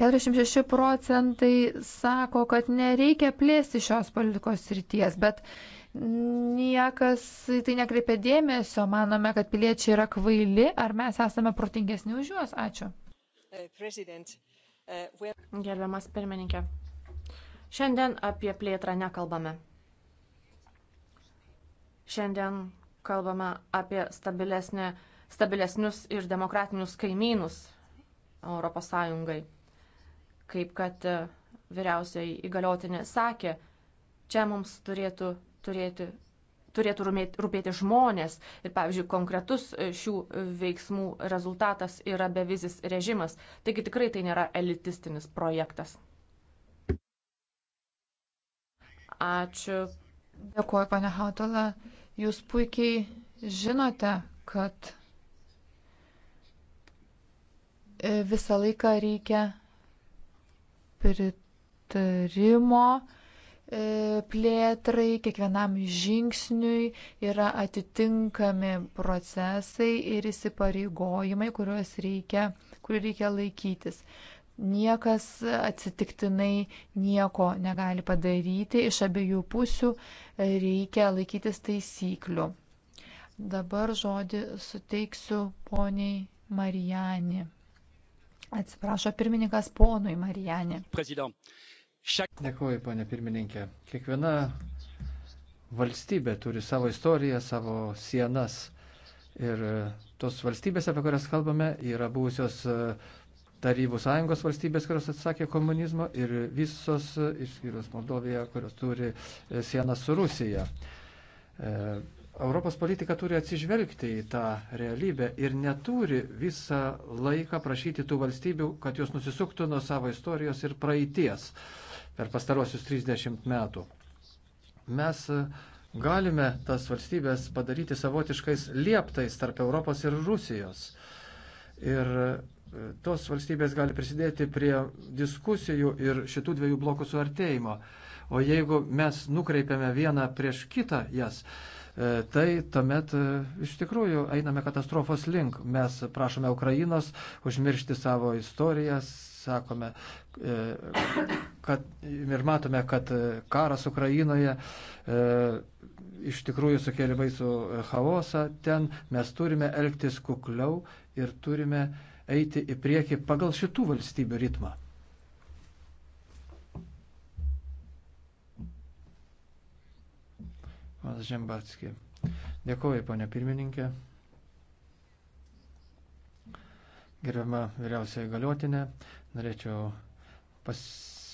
46 procentai sako, kad nereikia plėsti šios politikos ryties, bet Niekas tai nekreipia dėmesio, manome, kad piliečiai yra kvaili, ar mes esame protingesni už juos. Ačiū. Uh, uh, Gerbiamas pirmininkė, šiandien apie plėtrą nekalbame. Šiandien kalbame apie stabilesnį, stabilesnius ir demokratinius kaimynus ES. Kaip kad uh, vyriausiai įgaliotinė sakė, čia mums turėtų turėti, turėtų rūpėti žmonės. Ir, pavyzdžiui, konkretus e, šių veiksmų rezultatas yra bevizis režimas. Taigi tikrai tai nėra elitistinis projektas. Ačiū. Dėkuoju, pane Hatola. Jūs puikiai žinote, kad e, visą laiką reikia pritarimo E, plėtrai, kiekvienam žingsniui yra atitinkami procesai ir įsipareigojimai, kuriuos reikia, kurių reikia laikytis. Niekas atsitiktinai nieko negali padaryti, iš abiejų pusių reikia laikytis taisyklių. Dabar žodį suteiksiu poniai Marijani. Atsiprašo pirmininkas ponui Marijani. President. Dėkuoju, ponė pirmininkė. Kiekviena valstybė turi savo istoriją, savo sienas. Ir tos valstybės, apie kurias kalbame, yra buvusios e, Tarybų sąjungos valstybės, kurios atsakė komunizmo ir visos, išskyrus Moldovija, kurios turi e, sieną su Rusija. E, Europos politika turi atsižvelgti į tą realybę ir neturi visą laiką prašyti tų valstybių, kad jos nusisuktų nuo savo istorijos ir praeities. Uh, per pastarosius 30 metų. Mes e, galime tas valstybės padaryti savotiškais lieptais tarp Europos ir Rusijos. Ir e, tos valstybės gali prisidėti prie diskusijų ir šitų dviejų blokų suartėjimo. O jeigu mes nukreipiame vieną prieš kitą jas, e, tai tuomet iš tikrųjų einame katastrofos link. Mes prašome Ukrainos užmiršti savo istorijas, sakome, kad, ir matome, kad e, karas Ukrainoje e, iš tikrųjų sukėlė baisų e, chaosą ten, mes turime elgtis kukliau ir turime eiti į priekį pagal šitų valstybių ritmą. Mas Žembatski. Dėkuoju, ponia pirmininkė. Gerbiama vyriausiai galiotinė, norėčiau pas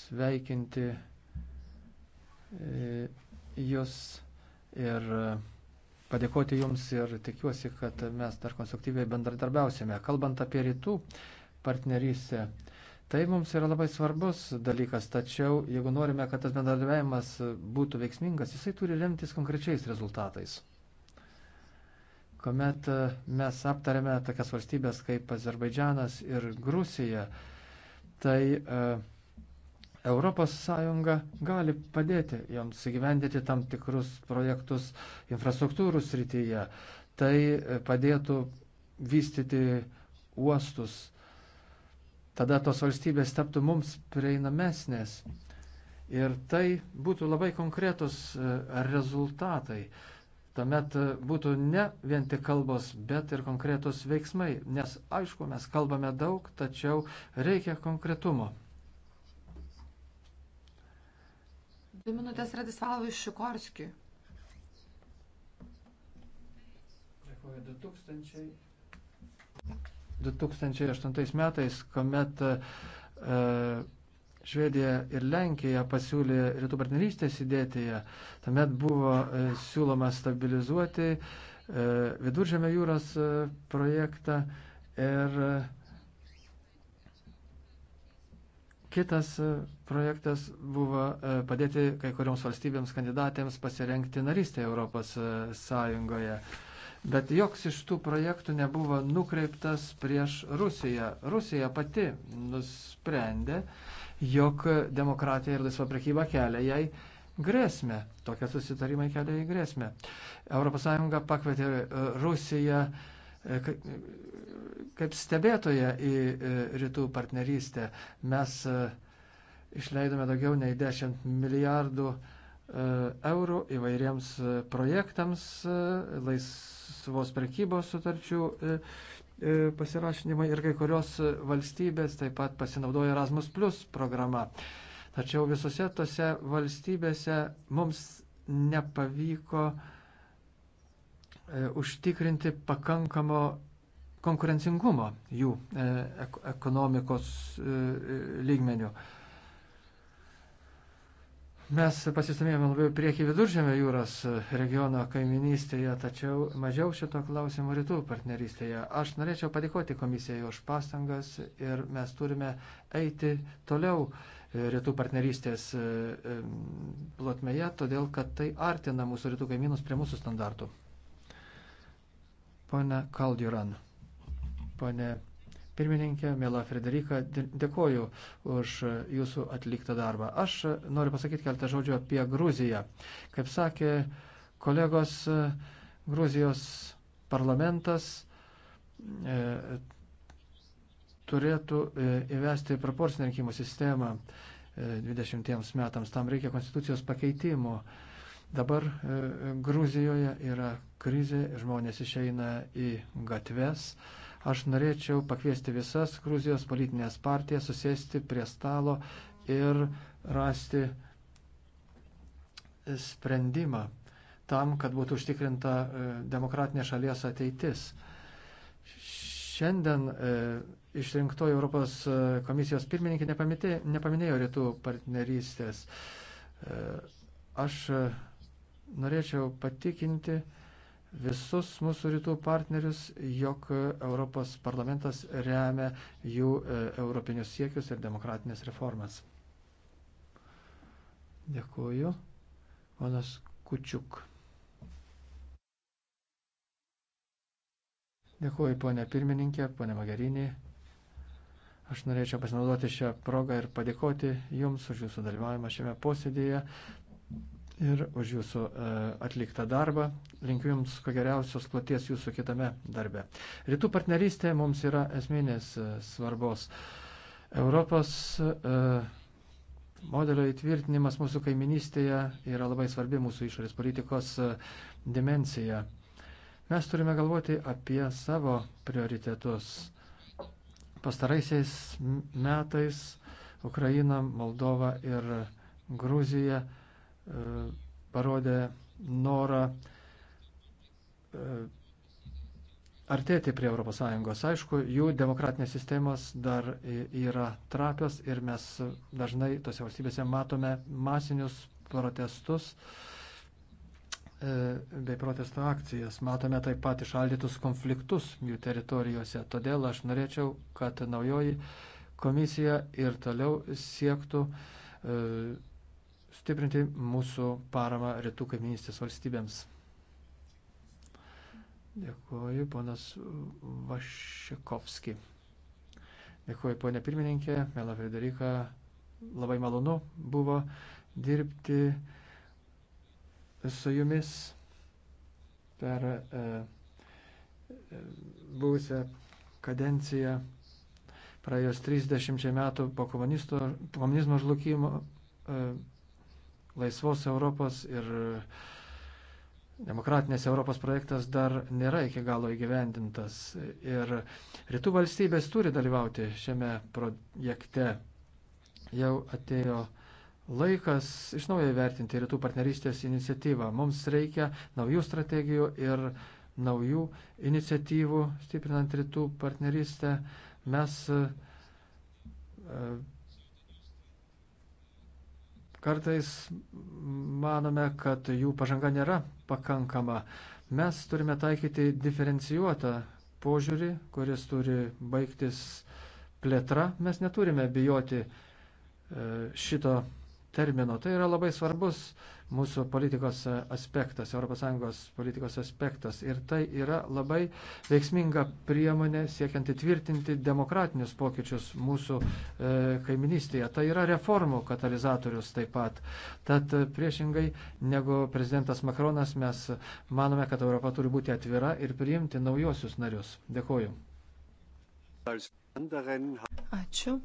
pasveikinti e, Jūs ir e, padėkoti Jums ir tikiuosi, kad mes dar konstruktyviai bendradarbiausime. Kalbant apie rytų partnerystę, tai mums yra labai svarbus dalykas, tačiau jeigu norime, kad tas bendradarbiavimas būtų veiksmingas, jisai turi remtis konkrečiais rezultatais. Komet e, mes aptarėme tokias valstybės kaip Azerbaidžianas ir Grusija, tai uh, ES gali padėti joms įgyvendyti tam tikrus projektus infrastruktūrų srityje. Tai padėtų vystyti uostus. Tada tos valstybės taptų mums prieinamesnės. Ir tai būtų labai konkretus e, rezultatai. Tuomet e, būtų ne vien tik kalbos, bet ir konkretus veiksmai. Nes aišku, mes kalbame daug, tačiau reikia konkretumo. Dvi minutės Radislavui Šikorskiui. Dėkuoju, 2000. 2008 metais, kuomet e, Švedija ir Lenkija pasiūlė rytų partnerystės idėją, tuomet buvo e, siūloma stabilizuoti e, viduržėmio jūros e, projektą ir e, Kitas e, projektas buvo e, padėti kai kurioms valstybėms kandidatėms pasirenkti narystę Europos e, Sąjungoje. Bet joks iš tų projektų nebuvo nukreiptas prieš Rusiją. Rusija pati nusprendė, jog demokratija ir laisva prekyba kelia jai grėsmę. Tokie susitarimai kelia jai grėsmę. ES pakvietė Rusiją kaip stebėtoja į e, rytų partnerystę. Mes e, išleidome daugiau nei 10 milijardų e, eurų įvairiems projektams, laisvos prekybos sutarčių pasirašinimai ir kai kurios valstybės taip pat pasinaudoja Erasmus Plus programą. Tačiau visose tose valstybėse mums nepavyko užtikrinti pakankamo konkurencingumo jų e, ekonomikos e, lygmenių. Mes pasistumėjome labiau prieki viduržėmio jūros e, regiono kaiminystėje, tačiau mažiau šito klausimo rytų partnerystėje. Aš norėčiau padėkoti komisijai už pastangas ir mes turime eiti toliau rytų partnerystės plotmėje, todėl kad tai artina mūsų rytų kaimynus prie mūsų standartų. Pone Kaldiuran pane pirmininkė, mėla Frederika, dėkoju už jūsų atliktą darbą. Aš noriu pasakyti keletą žodžių apie Gruziją. Kaip sakė kolegos, Gruzijos parlamentas e, turėtų e, įvesti proporcinę rinkimų sistemą e, 20 metams. Tam reikia konstitucijos pakeitimo. Dabar e, Gruzijoje yra krizė, žmonės išeina į gatves. E, Aš norėčiau pakviesti visas Gruzijos politinės partijas susėsti prie stalo ir rasti sprendimą tam, kad būtų užtikrinta e, demokratinė šalies ateitis. Šiandien e, išrinktoji Europos e, komisijos pirmininkė nepaminėjo rytų partnerystės. Aš norėčiau patikinti, visus mūsų rytų partnerius, jog Europos parlamentas remia jų e, europinius siekius ir demokratinės reformas. Dėkuoju. Ponas Kučiuk. Dėkuoju, ponė pirmininkė, ponė Magerinė. Aš norėčiau pasinaudoti šią progą ir padėkoti Jums už Jūsų dalyvavimą šiame posėdėje ir už jūsų e, atliktą darbą. Linkiu Jums ko geriausios kloties Jūsų kitame darbe. Rytų partnerystė mums yra esminės e, svarbos. Europos e, modelio įtvirtinimas mūsų kaiminystėje yra labai svarbi mūsų išorės politikos dimensija. Mes turime galvoti apie savo prioritetus. Pastaraisiais metais Ukraina, Moldova ir Gruzija E, parodė norą e, artėti prie ES. Aišku, jų demokratinės sistemos dar yra trapios ir mes dažnai tose valstybėse matome masinius protestus e, bei protesto akcijas. Matome taip pat išaldytus konfliktus jų teritorijose. Todėl aš norėčiau, kad naujoji komisija ir toliau siektų stiprinti mūsų paramą rytų kaiminystės valstybėms. Dėkuoju, ponas Vašikovski. Dėkuoju, ponė pirmininkė, mėla Frederika. Labai malonu buvo dirbti su jumis per e, e buvusią kadenciją. Praėjus 30 metų po komunizmo žlugimo e, laisvos Europos ir demokratinės Europos projektas dar nėra iki galo įgyvendintas. Ir rytų valstybės turi dalyvauti šiame projekte. Jau atėjo laikas iš naujo įvertinti rytų partnerystės iniciatyvą. Mums reikia naujų strategijų ir naujų iniciatyvų stiprinant rytų partnerystę. Mes e, Kartais manome, kad jų pažanga nėra pakankama. Mes turime taikyti diferencijuotą požiūrį, kuris turi baigtis plėtra. Mes neturime bijoti e, šito termino. Tai yra labai svarbus mūsų politikos aspektas, ES politikos aspektas. Ir tai yra labai veiksminga priemonė siekiant įtvirtinti demokratinius pokyčius mūsų e, kaiminystėje. Tai yra reformų katalizatorius taip pat. Tad e, priešingai negu prezidentas Makronas mes manome, kad Europa turi būti atvira ir priimti naujosius narius. Dėkuoju. Ačiū.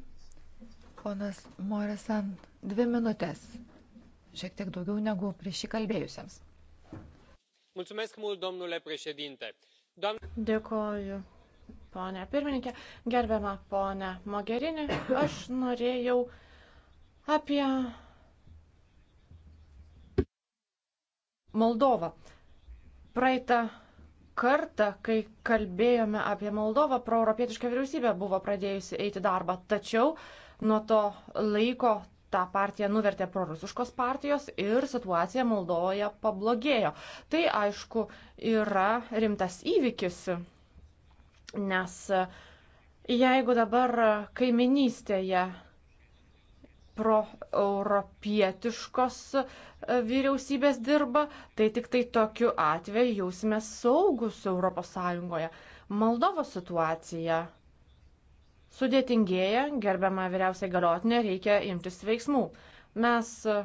Ponas Moresan, dvi minutės šiek tiek daugiau negu prieš įkalbėjusiems. Dėkoju, ponė pirmininkė. Gerbiama ponė Mogerinė, aš norėjau apie Moldovą. Praeitą kartą, kai kalbėjome apie Moldovą, proeuropietiška vyriausybė buvo pradėjusi eiti darbą, tačiau nuo to laiko tą partiją nuvertė prorusiškos partijos ir situacija Moldovoje pablogėjo. Tai aišku yra rimtas įvykis, nes jeigu dabar kaiminystėje proeuropietiškos vyriausybės dirba, tai tik tai tokiu atveju jausime saugus ES. Moldovos situacija sudėtingėja, gerbiama vyriausiai galiotinė, reikia imtis veiksmų. Mes e,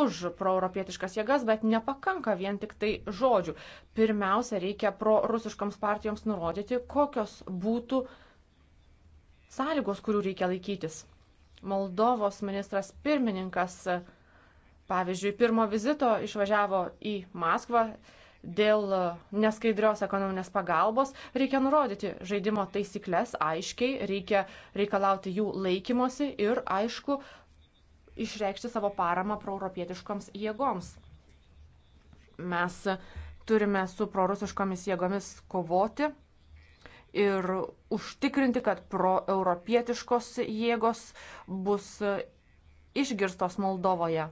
už proeuropietiškas jėgas, bet nepakanka vien tik tai žodžių. Pirmiausia, reikia prorusiškoms partijoms nurodyti, kokios būtų sąlygos, kurių reikia laikytis. Moldovos ministras pirmininkas, e, pavyzdžiui, pirmo vizito išvažiavo į Maskvą dėl e, neskaidrios ekonominės pagalbos, reikia nurodyti žaidimo taisyklės aiškiai, reikia reikalauti jų laikymosi ir, aišku, išreikšti savo paramą proeuropietiškoms jėgoms. Mes turime su prorusiškomis jėgomis kovoti ir užtikrinti, kad proeuropietiškos jėgos bus išgirstos Moldovoje.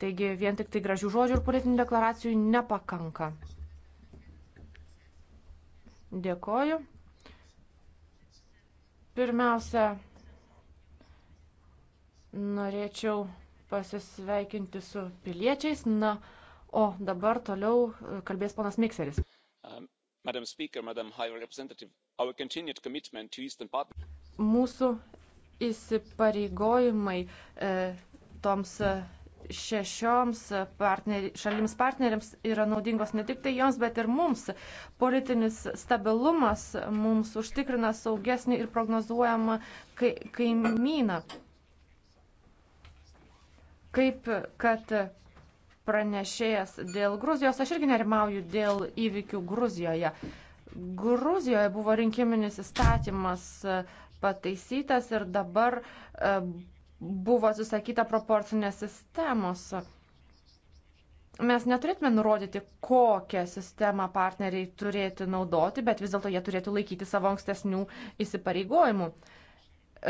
Taigi vien tik tai gražių žodžių ir politinių deklaracijų nepakanka. Dėkoju. Pirmiausia, norėčiau pasisveikinti su piliečiais. Na, o dabar toliau kalbės ponas Mikseris. Um, Madam Speaker, Madam High Representative, our continued commitment to Eastern Partnership. Mūsų įsipareigojimai e, toms eh, šešioms partneri, šalims partneriams yra naudingos ne tik tai joms, bet ir mums. Politinis stabilumas mums užtikrina saugesnį ir prognozuojamą kaimyną. Kaip kad pranešėjas dėl Gruzijos, aš irgi nerimauju dėl įvykių Gruzijoje. Gruzijoje buvo rinkiminis įstatymas pataisytas ir dabar e, buvo atsisakyta proporcinės sistemos. Mes neturėtume nurodyti, kokią sistemą partneriai turėtų naudoti, bet vis dėlto jie turėtų laikyti savo ankstesnių įsipareigojimų.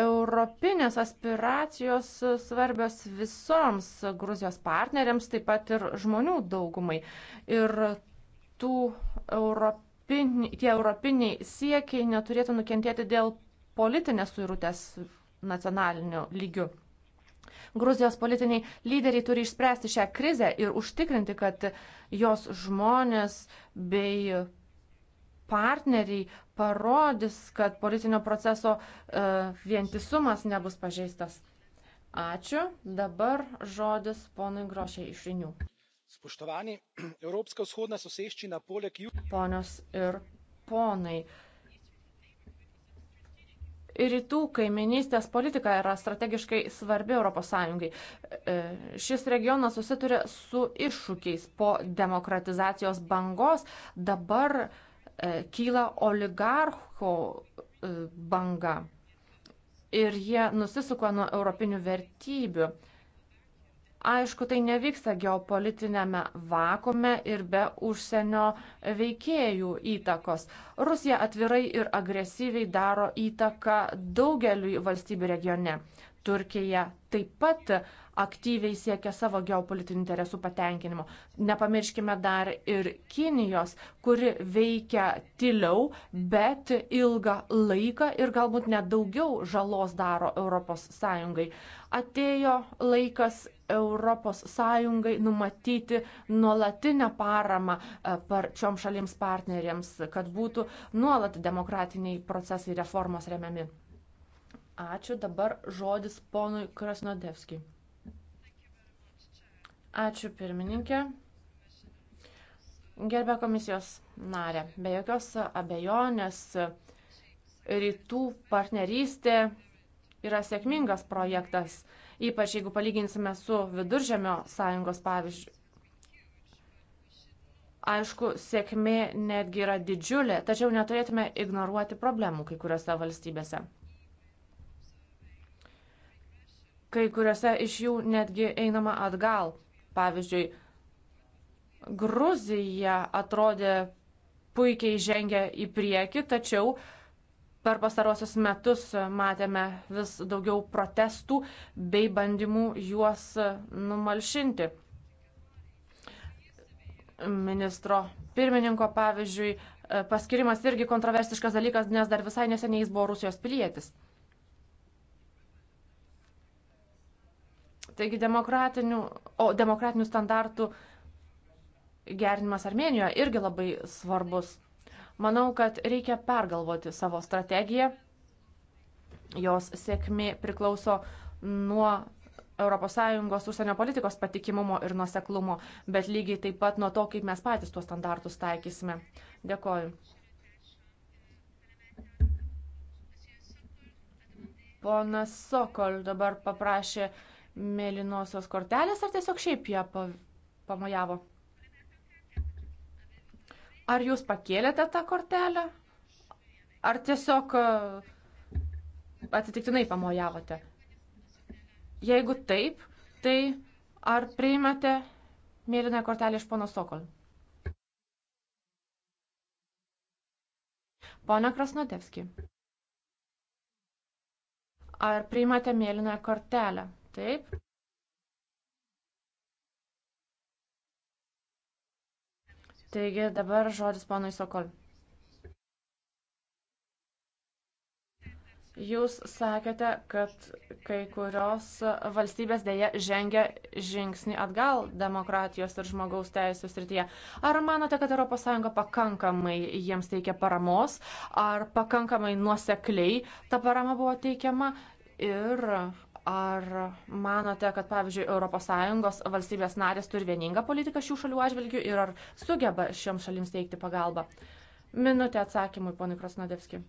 Europinės aspiracijos svarbios visoms Gruzijos partneriams, taip pat ir žmonių daugumai. Ir tų europin, tie europiniai siekiai neturėtų nukentėti dėl politinės suirutės nacionaliniu lygiu. Gruzijos politiniai lyderiai turi išspręsti šią krizę ir užtikrinti, kad jos žmonės bei partneriai parodys, kad politinio proceso uh, vientisumas nebus pažeistas. Ačiū. Dabar žodis ponui Grošiai iš Rinių. Spoštovani, Europska [CLEARS THROAT] vzhodna soseščina poleg jų. Ponios ir ponai, Rytų kaiminystės politika yra strategiškai svarbi ES. E, šis regionas susituria su iššūkiais po demokratizacijos bangos. Dabar e, kyla oligarcho e, banga ir jie nusisuka nuo europinių vertybių. Aišku, tai nevyksta geopolitinėme vakume ir be užsienio veikėjų įtakos. Rusija atvirai ir agresyviai daro įtaką daugeliu valstybių regione. Turkija taip pat aktyviai siekia savo geopolitinių interesų patenkinimo. Nepamirškime dar ir Kinijos, kuri veikia tyliau, bet ilgą laiką ir galbūt net daugiau žalos daro ES. Atėjo laikas ES numatyti nuolatinę paramą e, parčioms šalims partneriams, kad būtų nuolat demokratiniai procesai reformos remiami. Ačiū dabar žodis ponui Krasnodevskijui. Ačiū pirmininkė. Gerbė komisijos narė, be jokios abejonės rytų partnerystė yra sėkmingas projektas ypač jeigu palyginsime su viduržemio sąjungos pavyzdžiu. Aišku, sėkmė netgi yra didžiulė, tačiau neturėtume ignoruoti problemų kai kuriuose valstybėse. Kai kuriuose iš jų netgi einama atgal. Pavyzdžiui, Gruzija atrodė puikiai žengė į priekį, tačiau uh, Per pastarosius metus matėme vis daugiau protestų bei bandymų juos numalšinti. Ministro pirmininko, pavyzdžiui, paskirimas irgi kontroversiškas dalykas, nes dar visai neseniai jis buvo Rusijos pilietis. Taigi demokratinių, o, demokratinių standartų gerinimas Armenijoje irgi labai svarbus. Manau, kad reikia pergalvoti savo strategiją. Jos sėkmė priklauso nuo ES užsienio politikos patikimumo ir nuoseklumo, bet lygiai taip pat nuo to, kaip mes patys tuos standartus taikysime. Dėkoju. Ponas Sokol dabar paprašė mėlynosios kortelės ar tiesiog šiaip ją pamojavo? Ar jūs pakėlėte tą kortelę? Ar tiesiog e, atsitiktinai pamojavote? Jeigu taip, tai ar priimate mėlyną kortelę iš pono Sokol? Pone Krasnodevski. Ar priimate mėlyną kortelę? Taip. Taigi dabar žodis ponui Sokol. Jūs sakėte, kad kai kurios valstybės dėja žengia žingsnį atgal demokratijos ir žmogaus teisų srityje. Ar manote, kad ES pakankamai jiems teikia paramos, ar pakankamai nuosekliai ta parama buvo teikiama ir Ar manote, kad, pavyzdžiui, ES valstybės narės turi vieningą politiką šių šalių atžvilgių ir ar sugeba šioms šalims teikti pagalbą? Minutė atsakymui, ponai Krasnodevski.